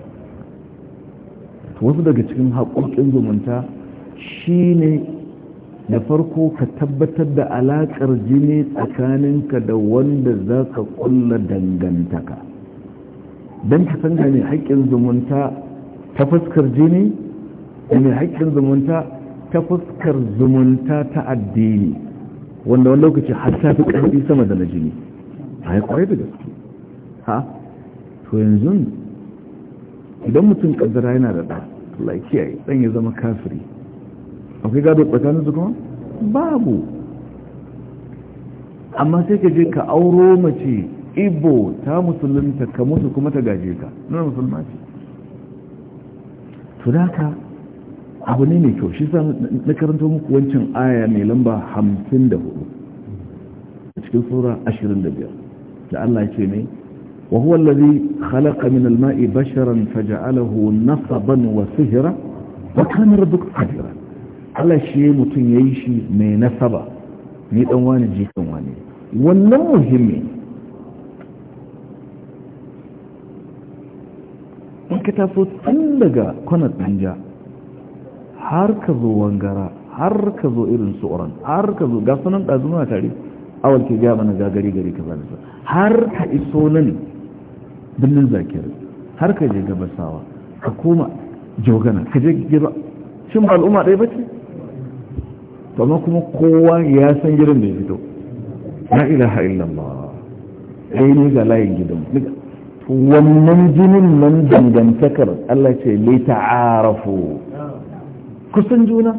wasu daga cikin haƙoƙin zumunta shine da farko ka tabbatar da alaƙar jini tsakaninka da wanda za ka kulla dangantaka don ka san mai haƙƙin zumunta ta fuskar jini da mai haƙƙin zumunta ta fuskar zumunta ta addini wanda wani lokaci har ta fi ƙarfi sama da na jini a yi kwarai da gaske ha to yanzu idan mutum ƙaddara yana da ɗa lafiya ɗan ya zama kafiri akwai gado tsakanin su kuma babu amma sai ka je ka auro mace ibo ta musulunta ka mutu kuma ta gaje ka nuna musulma ce tunaka abu ne mai kyau shi sa na karanta muku wancan aya mai lamba hamsin da hudu a cikin sura ashirin da biyar da Allah ce ne wa huwa allazi min mai basharan faja'alahu nasaban wa sihra wa Allah shi mutum ya yi shi mai nasaba ni dan wani jikan wani wannan muhimmi in ka taso tun daga kwanar danja har ka zo wangara har ka zo irin tsoron. har ka zo ga sunan ɗazuna tare awal ke gaba na gagari gari ka su har ka iso nan birnin zakiyar har ka je gabasawa ka koma jogana ka je gira shin ba al'umma ɗaya ba ce ma kuma kowa ya san gidan da ya fito na ilaha illallah ainihin ga layin gidan wannan jinin nan dangantakar Allah ce lai ta'arafu kusan juna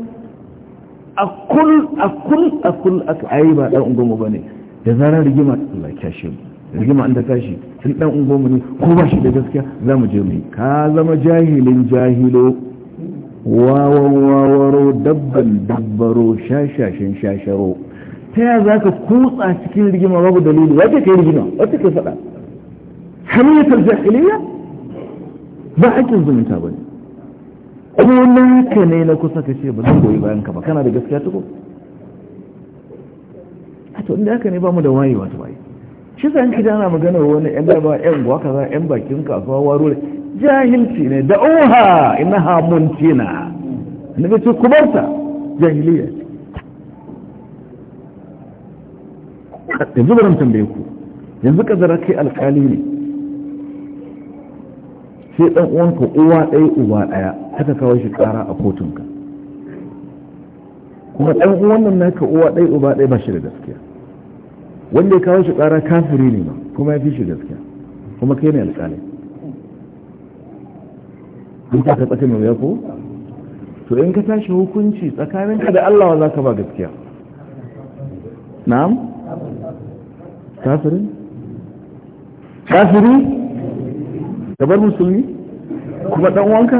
akul akul akul aka ayi ba dan ungomu bane da zarar rigima Allah ya kashe mu rigima an da kashi sun dan ungomu ne ko ba shi da gaskiya zamu je mu ka zama jahilin jahilo wawan wawaro dabban dabbaro shashashin shasharo ta ya za ka kutsa cikin rigima babu dalili wata ka yi rigima wata ka faɗa hamiyatar jahiliya ba haƙƙin zumunta ba ne ko naka ne na kusa ka ce ba zan goyi bayan ka ba kana da gaskiya tuko a to inda haka ne ba mu da wayewa ta waye shi sa yanki ana magana wani yan gaba yan gwa kaza yan bakin kasuwa waro jahilci ne da uha innaha na annabi ce ku barta jahiliya yanzu bari mu tambaye ku yanzu zara kai alkali ne sai dan uwanka uwa ɗaya uba ɗaya haka kawai shi ƙara a kotunka kuma dan uwan nan ka uwa ɗaya uba ɗaya ba shi da gaskiya wanda ya kawo shi ƙara kafiri ne ma kuma ya fi shi gaskiya kuma kai ne alkali in ka ta tsaka mai ko to in ka tashi hukunci tsakaninka da Allah za ka ba gaskiya na'am kafirin kafiri gabar musulmi kuma dan wanka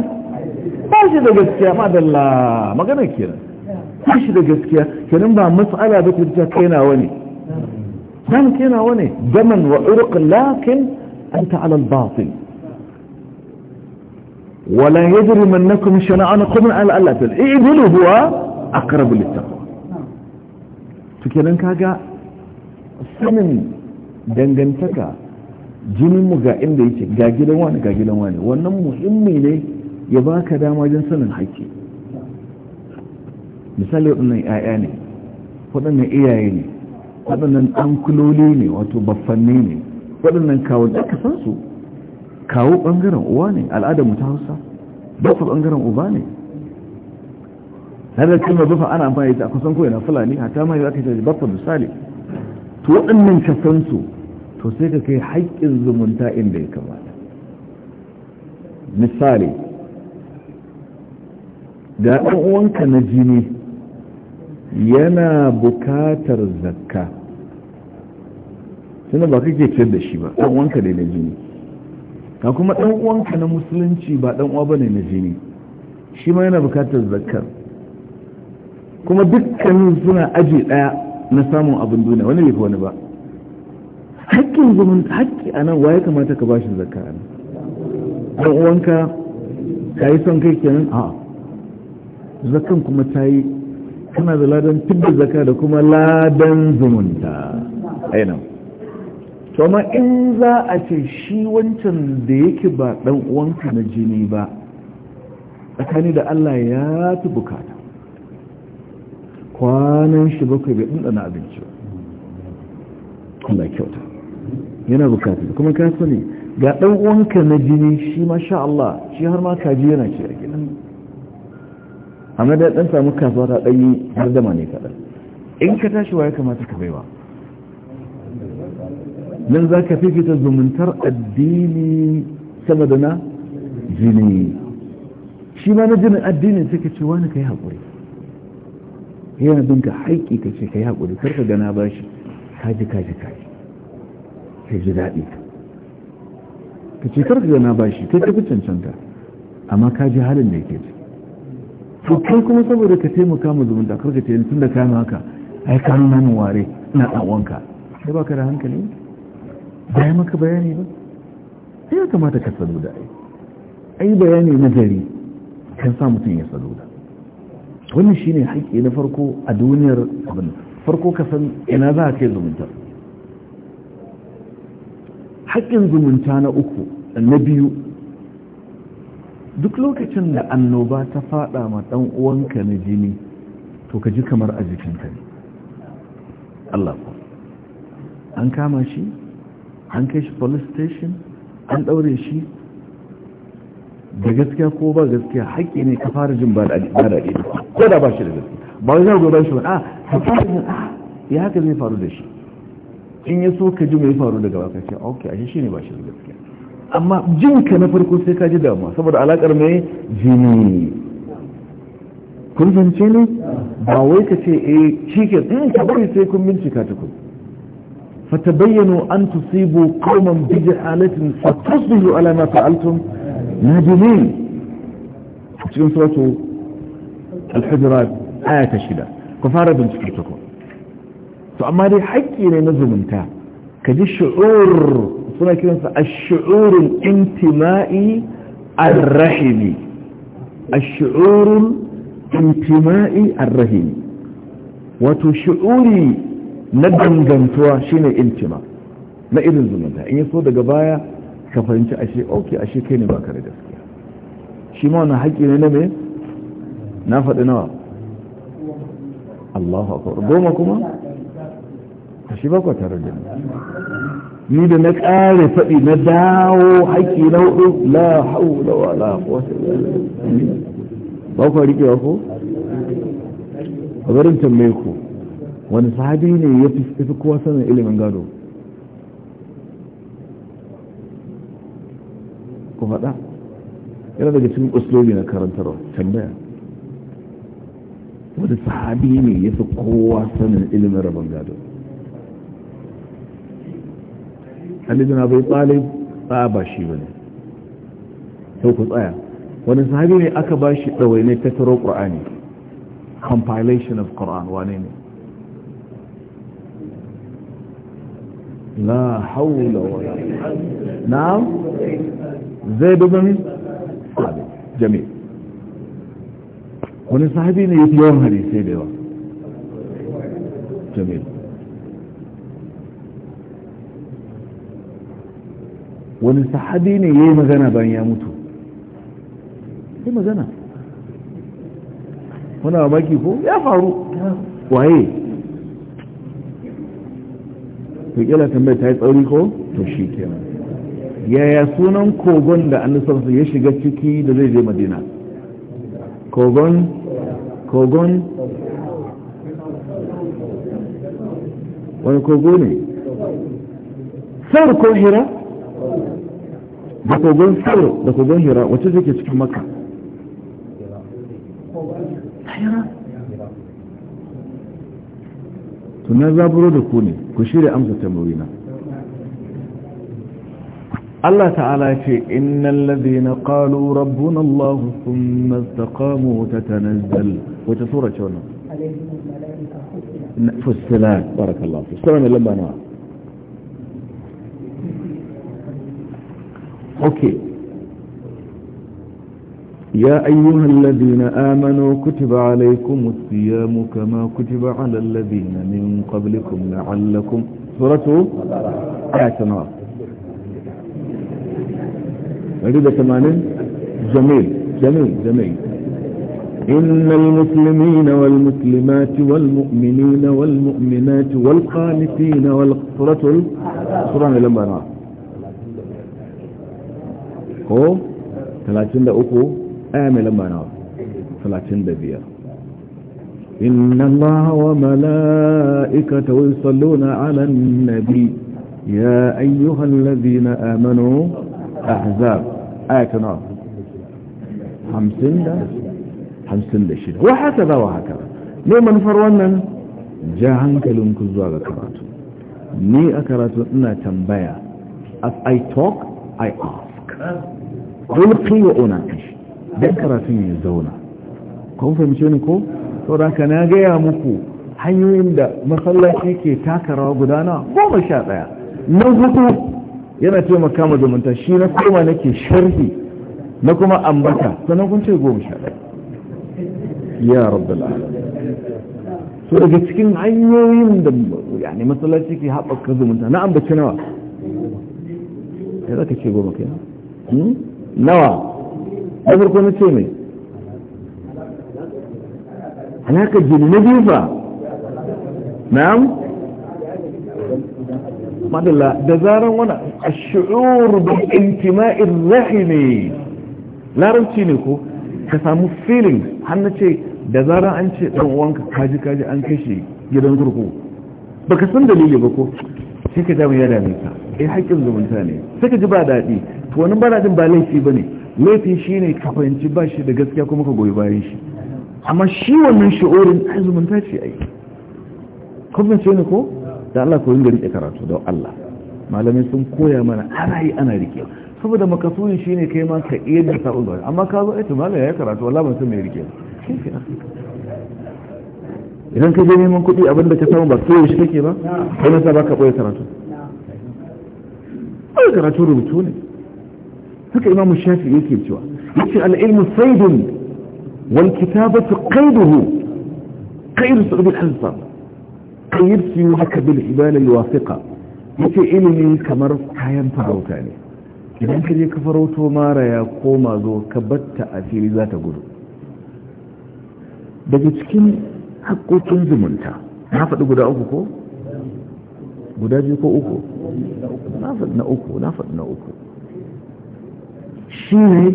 ba shi da gaskiya madalla magana kenan ba shi da gaskiya kenan ba mas'ala da kuma kaina wani kan kaina wani Gaman wa urq lakin anta ala al-batil wala yajri mannakum shana'an qawmin ala alla tal ibilu huwa aqrabu littaqwa to kenan kaga sanin dangantaka jinin mu ga inda yake ga wani ga wani wannan muhimmi ne ya baka dama wajen sanin haƙƙi misali waɗannan 'ya'ya ne waɗannan iyaye ne waɗannan ɗankuloli ne wato baffanni ne waɗannan kawo da ka san su kawo ɓangaren uwa ne al'adar ta hausa bafa ɓangaren uba ne lalata kuma bafa ana amfani da kusan kawai na fulani hata ma za ka yi bafa misali to waɗannan ka san su to sai ka kai haƙƙin zumunta inda ya kamata misali ga ɗan uwanka na jini yana bukatar zakka suna ba kake ciyar da shi ba ɗan uwanka da na jini ka kuma ɗan uwanka na musulunci ba ɗan uwa bane na jini shi ma yana bukatar zakkar kuma dukkanin suna aji ɗaya na samun abin duniya wani bai fi wani ba hakkin zumun hakki a nan waye kamata ka bashi zakka a nan ɗan uwanka ka yi son kai kenan a zakan kuma ta yi kana da ladan tibbi zaka da kuma ladan zumunta ainihin to in za a ce shi wancan da yake ba dan uwanka na jini ba tsakani da Allah ya fi bukata kwanan shi bakwai bai ɗana abinci ba Allah kyauta yana bukata kuma ka sani ga ɗan uwanka na jini shi masha Allah shi har ma kaji yana ce a gidan amma da ɗan samu kasuwa ta ɗanyi har dama ne kaɗan in ka tashi wa ya kamata ka baiwa nan za ka fifita zumuntar addini sama da na jini shi ma na jinin addini sai ka ce wani ka yi haƙuri yana bin ka haƙi ka ce ka yi haƙuri karka gana ba shi kaji kaji kaji sai ji daɗi ka ce karka gana ba shi ka tafi cancanta amma ka ji halin da yake to kai kuma saboda ka taimaka mu zumunta karka ce tun da kayan haka ai ka nuna ware ina ɗan wanka sai ka da hankali ba ya maka bayani ba sai ya kamata ka salo da ai ai bayani na gari kan sa mutum ya salo da wannan shine haƙƙi na farko a duniyar abin farko ka san ina za a kai zumunta haƙƙin zumunta na uku na biyu duk lokacin da annoba ta faɗa ma ɗan uwanka na jini to ka ji kamar a jikinka ne Allah ku an kama shi an kai shi police station an ɗaure shi da gaskiya ko ba gaskiya haƙƙi ne ka fara jin ba da daɗi ko da ba shi da gaskiya ba wani zago ba shi ba a ah, ka fara jin ah, ya haka zai faru da shi in ya so ka ji mai faru daga ba ka ce ok a shi ne ba shi da gaskiya amma jin ka na farko sai ka ji damuwa saboda alaƙar mai jini kun fahimce ne ba wai ka ce eh shi ke ka bari sai kun bincika tukun فتبينوا أن تصيبوا قوما بجحالة فتصبحوا على ما فعلتم نادمين تكون سورة الحجرات آية شدة كفارة سكرتكم فأما دي حكي لنزل منتا كدي الشعور الشعور الانتمائي ashu'urul الشعور الانتمائي rahimi ashu'urul intima'i na dangantuwa shine intima na irin zumunta in yaso daga baya ka fahimci ashe ok ashe kai ne baka da gaskiya shi ma wannan haƙƙi ne na me na faɗi nawa Allahu akbar goma kuma ashe ba ku tare da ni ni da na ƙare faɗi na dawo haƙƙi na hudu la haula wala quwwata illa billah ba ku riƙewa ko a tambaye ku wani sahabi ne ya fi kowa sanin ilimin gado ku faɗa yana daga cikin uslobi na karantarwa tambaya wani sahabi ne ya fi kowa sanin ilimin rabon gado halittu bai tsalib Tsaya ba shi ba ne sau ku tsaya wani sahabi ne aka ba shi ɗawai ne tattaro ƙur'ani compilation of ƙur'an wane ne لا حول ولا قوه نعم زيد بن ثابت جميل وني صاحبين يوم هذه سيدوا جميل وني صاحبين يي مغنى بان يا متو يي مغنى هنا باقي هو يا فاروق وهي to kila tambayar ta yi tsauri ko to shi kenan yaya sunan kogon da an su ya shiga ciki da zai je madina kogon kogon wani kogo ne saur ko hira da kogon saur da kogon hira wacce take cikin maka tunan zaburo da ku ne ku shirya amsa tamurina Allah ta'ala ce innal ladhina qalu rabbuna Allah thumma istaqamu tatanazzal wata sura ce wannan fussilat barakallahu fi sura lamba na يا أيها الذين آمنوا كتب عليكم الصيام كما كتب على الذين من قبلكم لعلكم سورة آية نار ثمانين جميل جميل جميل إن المسلمين والمسلمات والمؤمنين والمؤمنات والقانتين والقصرة سورة لما نار ثلاثين 33 amilan ba nawa 35 إن الله وملائكة يصلون على النبي يا أيها الذين آمنوا أحزاب آية نار حمسين دا حمسين دا شيء وهكذا وهكذا لو من فرونا جاهن كلمك الزواغ كراتو ني أكراتو إنا تنبيا as I talk I ask قل قي وأناقش don karatun ya zauna kun fahimce ni ko saboda haka na gaya muku hanyoyin da masallaci ke taka rawa gudana goma sha ɗaya na hudu yana taimaka ma zumunta shi na koma nake sharhi na kuma ambata sannan kun ce goma sha ɗaya ya rabbal alamin so daga cikin hanyoyin da yani masallaci ke haɓaka zumunta na ambaci nawa ya ka ce goma kai hmm? nawa na farko na ce mai halakar jini na biyu ba na'am madalla da zaran wani a shi'ur da intima'in ne. larabci ne ko ka samu feeling har na ce da zaran an ce ɗan uwanka kaji kaji an kashe gidan gurgu baka san dalili ba ko sai ka ya dame ka eh haƙƙin zumunta ne sai ka ji ba daɗi to wani ba ba laifi ba ne laifi shine ka fahimci ba shi da gaskiya kuma ka goyi bayan shi amma shi wannan shi'orin azumin ta ce ai kuma ce ne ko da Allah ko inda rike karatu da Allah malamai sun koya mana ana yi ana rike saboda shi ne kai ma ka iya da sa'ul bari amma ka zo ai eh, to ya karatu wallahi ban san me rike ba. idan ka je neman kuɗi abinda ka samu ba ko shi kake ba kai ne sa baka boye karatu ai karatu rubutu ne haka imamu shafi yake cewa yace al-ilmu saydun wal kitabatu qayduhu qayd sa'd al-hasan qayd su haka bil ibal al-wafiqa yace ilimi kamar kayan farauta ne idan ka je ka farauto mara ya koma zo ka batta a fili za ta gudu daga cikin haƙoƙin zumunta na faɗi guda uku ko guda biyu ko uku na faɗi na uku na faɗi na uku shi ne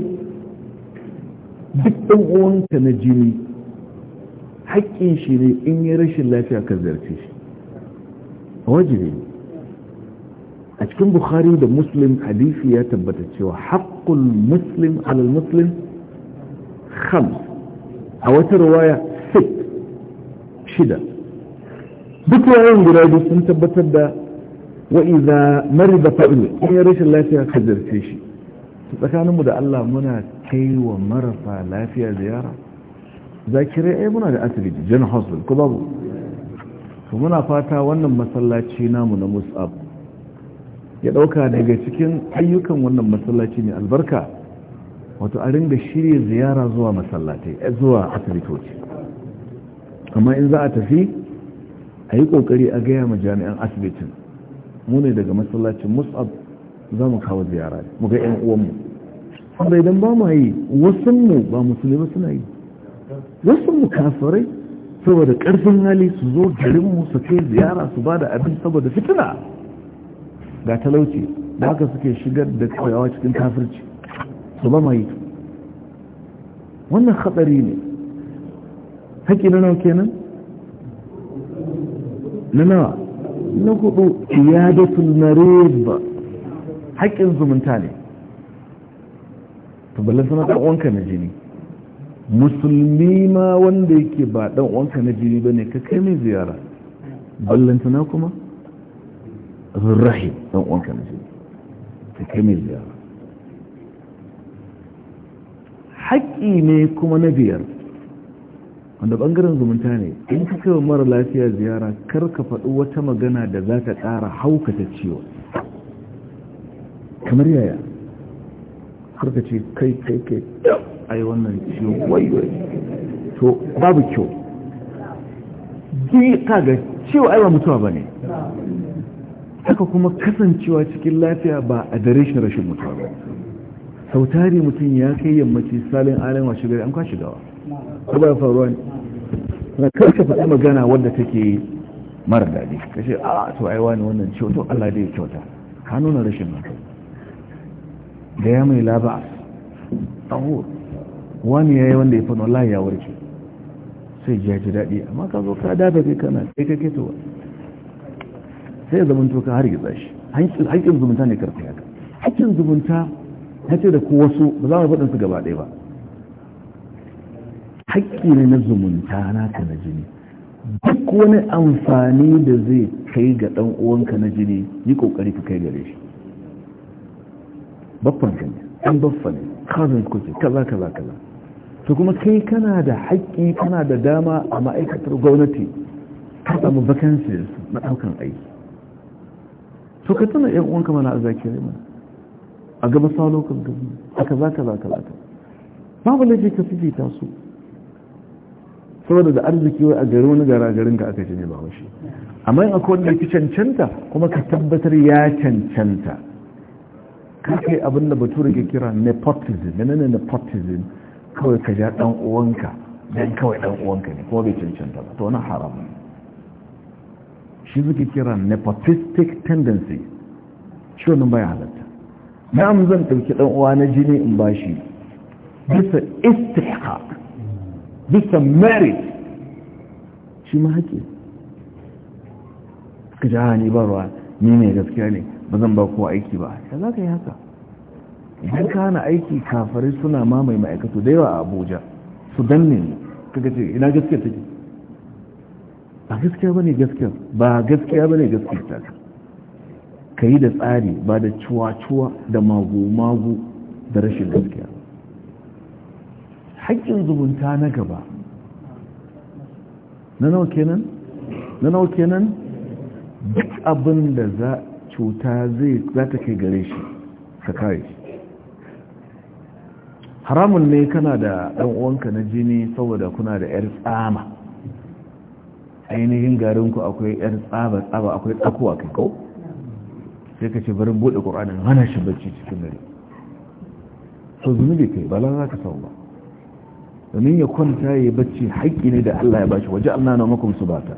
duk ɗan uwanka na jini haƙƙin shi ne in yi rashin lafiya ka zarce shi wajibi a cikin bukhari da muslim hadisi ya tabbata cewa haƙƙul muslim alal muslim khams a wata ruwaya sit shida duk yayin guda biyu sun tabbatar da wa'iza mari da fa'ilu in yi rashin lafiya ka zarce shi tsakaninmu da Allah muna kai wa marasa lafiya ziyara zakirai ai muna da asibiti jan hospital ko babu to muna fata wannan masallaci namu na musab ya dauka daga cikin ayyukan wannan masallaci mai albarka wato a ringa shirya ziyara zuwa masallatai eh, zuwa asibitoci amma in za a tafi a yi kokari a gaya ma jami'an asibitin mu ne daga masallacin musab za mu kawo ziyara mu ga yan uwanmu amma idan ba mu yi wasu mu ba musulmi suna yi wasu mu kafirai saboda karfin hali su zo mu su kai ziyara su ba da abin saboda fitina ga talauci da haka suke shigar da kayawa cikin kafirci su ba mu yi wannan hatsari ne haƙi na nawa kenan na nawa na hudu iyadatul narib haƙƙin zumunta ne to balle sanar ɗan na jini musulmi ma wanda yake ba dan wanka na jini ba ne ka kai mai ziyara ballantana kuma zurrahi dan wanka na jini ka kai mai ziyara haƙƙi ne kuma na biyar wanda ɓangaren zumunta ne in ka kai wa mara lafiya ziyara kar ka faɗi wata magana da za ta ƙara haukata ciwo kamar yaya harka ce kai kai kai ai wannan ciwo waiwai to babu kyau ji kaga ciwo ai ba mutuwa ba ne haka kuma kasancewa cikin lafiya ba a dare shi rashin mutuwa ba sau tari mutum ya kai yammaci salin alin shigar gari an kwashi gawa ko ba faruwa ne na karshe faɗi magana wadda take mara daɗi kashe a ah, to ai wani wannan ciwo to Allah dai kyauta ka nuna rashin mutuwa da ya mai laba tahur wani ya yi wanda ya fana wallahi ya warke sai ji ya ji daɗi amma ka zo ka dafa kai kana kai ka keto sai zaman toka har hargitsa shi haƙƙin zumunta ne karfi haka haƙƙin zumunta ya ce da kuwa su ba za mu faɗinsu su gaba ɗaya ba haƙƙi ne na zumunta na ka na jini duk wani amfani da zai kai ga ɗan uwanka na jini yi ƙoƙari ka kai gare shi baffan ka ne ɗan baffa ne kazin kuke kaza kaza kaza to kuma kai kana da haƙƙi kana da dama a ma'aikatar gwamnati ka samu vacancies na ɗaukan aiki to ka tana ƴan uwanka mana a zakirai a gaba sa kan gaba a kaza kaza kaza babu laifi ka fita su saboda da arziki wai a gari wani gara garin ka aka ce ne ba washi amma in akwai wanda ki cancanta kuma ka tabbatar ya cancanta kai abin da bature ke kira nepotism menene nepotism kawai ka ja dan uwanka dan kawai dan uwanka ne kuma bai cancanta ba to wani haram shi suke kira nepotistic tendency shi wani baya halatta na'am zan ɗauki ɗan uwa na jini in bashi bisa istiha bisa merit shi ma haƙe ka ja ah, ni ba ruwa ni ne gaskiya ne ba zan ba kowa aiki ba ya za ka yi haka idan ka hana aiki kafari suna mamaye ma'aikatu da yawa a abuja su danne ne kaga ce ina gaskiya take ba gaskiya bane gaskiya ba gaskiya bane gaskiya ta ka yi da tsari ba da cuwa-cuwa da magu-magu da rashin gaskiya haƙƙin zubunta na gaba na nawa kenan na nawa kenan duk abin da za cuta zai zata ta kai gare shi ka kare shi haramun ne kana da ɗan uwanka na jini saboda kuna da 'yar tsama ainihin garinku akwai 'yar tsaba tsaba akwai tsakuwa kai kau sai ka ce barin buɗe ƙoranin hana shi bacci cikin dare so zunubi kai ba lan za ka ba domin ya kwanta ya yi bacci haƙƙi ne da allah ya bashi waje allah na makon su bata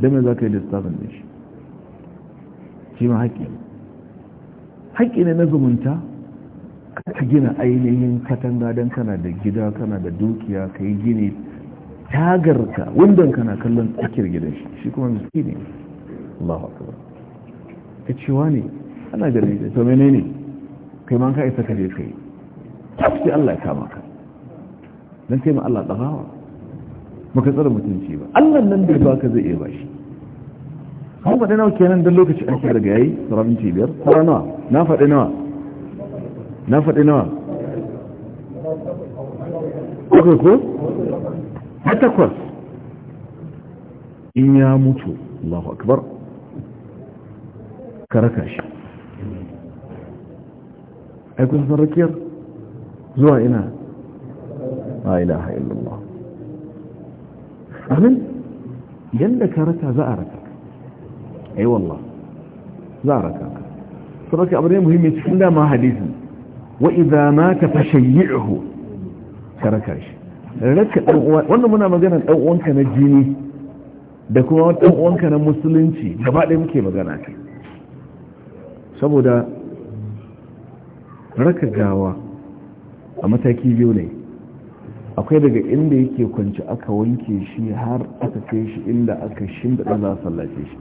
don me za ka yi disturbance shi shi ma haƙƙi haƙƙi ne na zumunta ka gina ainihin katanga don kana da gida kana da dukiya ka yi gini tagarka windon kana kallon tsakiyar gidan shi shi kuma zuki ne Allah akbar ka cewa ne ana ganin da to mene ne kai man ka isa ka je kai sai Allah ya kama ka dan sai ma Allah dagawa baka tsara mutunci ba Allah nan da baka zai iya ba shi. an faɗi nawa kenan don lokaci an shi daga yayi sarabin cibiyar tsara nawa na faɗi nawa na faɗi nawa akwai ko? na takwas in ya mutu allahu akbar ka raka shi aikun san rakiyar zuwa ina la ilaha illallah amin yadda ka raka za a raka ai eh, wallah za a raka ka sun abu ne muhimmi cikin dama hadisi wa idza mata fashayyi'hu ka raka shi raka dan wannan muna magana dan uwanka na jini da kuma dan na musulunci gaba ɗaya muke magana kai saboda raka gawa a mataki biyu ne akwai daga inda yake kwanci aka wanke shi har aka kai shi inda aka shimbiɗa za a sallace shi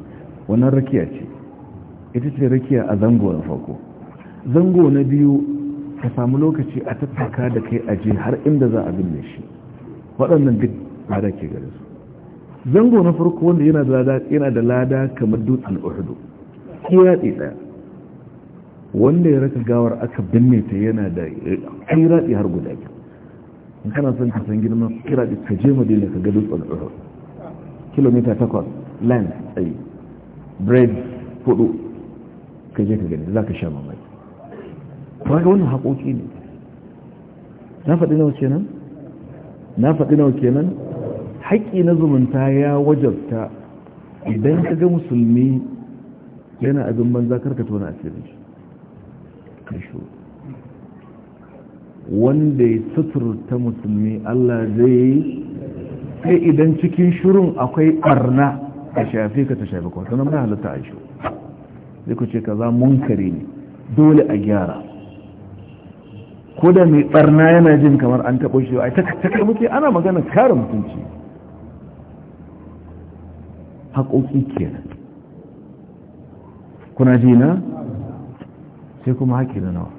wannan rakiya ce ita ce rakiya a zango na farko zango na biyu ka samu lokaci a tattaka da kai a je har inda za a binne shi waɗannan duk lada ke gare su zango na farko wanda yana da lada yana da lada kamar dutsen uhudu kira ɗaya wanda ya raka gawar aka binne ta yana da kira har guda biyu in kana son ka san girman kira ka je madina ka ga dutsen uhudu kilomita takwas land tsaye bread hudu ka je ka gani za ka sha mamaki kuma ga wannan haƙoƙi ne na faɗi nawa kenan na faɗi nawa kenan haƙƙi na zumunta ya wajabta idan ka ga musulmi yana abin banza karka tona asirin shi wanda ya suturta musulmi allah zai yi sai idan cikin shirin akwai ɓarna ka shafe ka ta shafe kuma sannan ba a shi zai ku ce ka za munkari ne dole a gyara ko da mai barna yana jin kamar an taɓo shi a kai muke ana magana kare mutunci haƙoƙi kenan kuna ji na sai kuma haƙƙi na nawa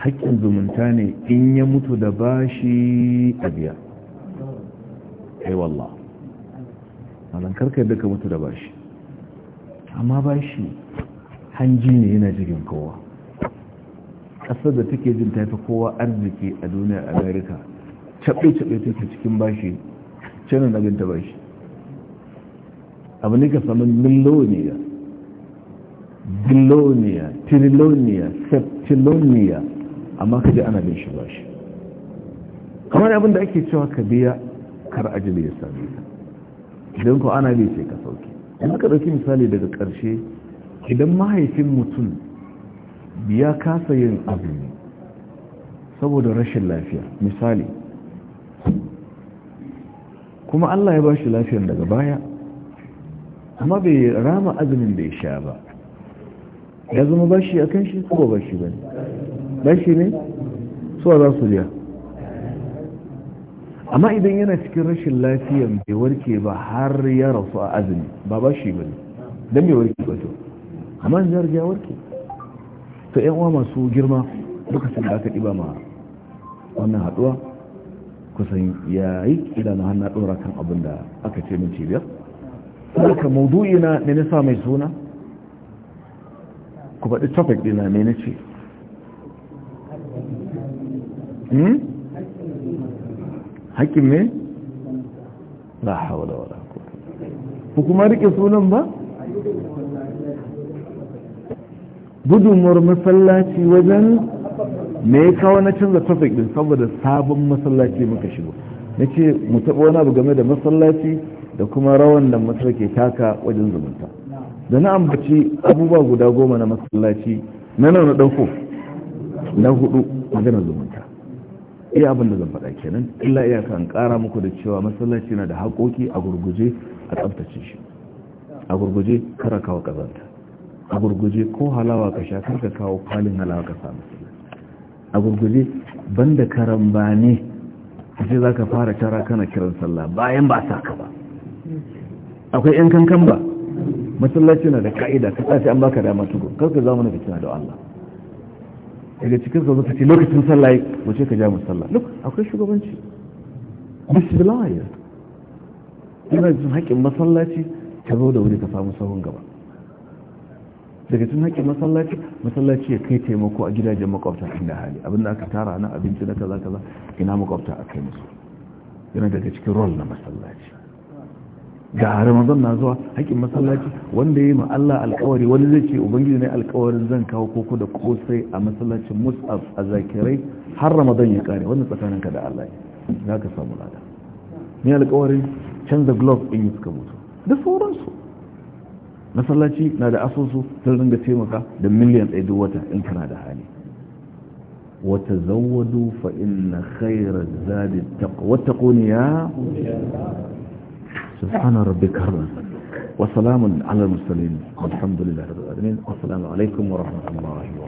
haƙƙin zumunta ne in ya mutu da bashi a biya ai wallah malan karka yadda ka mutu da bashi amma bashi hanji ne yana jikin kowa ƙasar da take jin tafi kowa arziki a duniyar amerika caɓe-caɓe take cikin bashi canin abin ta bashi abu ne ka samu miloniya biloniya triloniya septiloniya amma ka ji ana bin shi bashi kamar abin da ake cewa ka biya kar ajiyar ya sami ka idan ku ana bai ce ka sauke yanzu ka ɗauki misali daga ƙarshe idan mahaifin mutum ya kasa yin azumi saboda rashin lafiya misali kuma Allah ya ba shi lafiyar daga baya amma bai rama azumin da ya sha ba ya zama bashi a kan shi ko bashi ba ne bashi ne suwa za su biya amma idan yana cikin rashin lafiyan bai warke ba har ya rasu a azumi ba ba shi bane don bai warke ba to amma zai riga warke to yan uwa masu girma duka sun aka diba ma wannan haduwa kusan yi idan har na dora kan abin da aka ce min cibiyar haka maudu'i na ne na sa mai suna ku faɗi topic dina ne na ce hmm? haƙƙin ne, na ku kuma rike sunan ba gudunmuwar masallaci wajen me ya kawo na canza topic din saboda sabon masallaci muka shigo na ce mu taɓa wani abu game da masallaci da kuma rawan da masar ke taka wajen zumunta da na ambaci abubuwa guda goma na masallaci na nuna na ɗauko na hudu maganar zumunta iya abin da zan faɗa kenan illa iyakan ƙara muku da cewa masallaci na da haƙoƙi a gurguje a tsabtace shi a gurguje kara kawo ƙazanta a gurguje ko halawa ka sha kar ka kawo kwalin halawa ka samu a gurguje banda ba ne ce za ka fara tara kana kiran sallah bayan ba sa ka ba akwai yan kankan ba masallaci na da ka'ida ka tsaci an baka dama tugu kar ka zama na fitina da Allah daga cikin sa ta ce lokacin sallah mu ce ka ja mu sallah duk akwai shugabanci bismillah ina jin haƙin masallaci ka zo da wuri ka samu sahun gaba daga cikin haƙin masallaci masallaci ya kai taimako a gidajen makwabta inda hali abin da aka tara na abinci na kaza kaza ina makwabta a kai musu yana daga cikin rol na masallaci ga ramadan na zuwa haƙin masallaci wanda ya yi Allah alƙawari wani zai ce ubangiji ne alƙawarin zan kawo koko da kosai a masallacin mus'af a zakirai har ramadan ya kare wannan tsakanin ka da Allah za ka samu lada ni alƙawarin canza glove in yi suka mutu da sauransu masallaci na da asusu sun ringa taimaka da miliyan ɗaya duk wata in kana da hali wata zawwadu fa inna khairar zadi wata سبحان ربك رب وسلام على المرسلين والحمد لله رب العالمين والسلام عليكم ورحمة الله وبركاته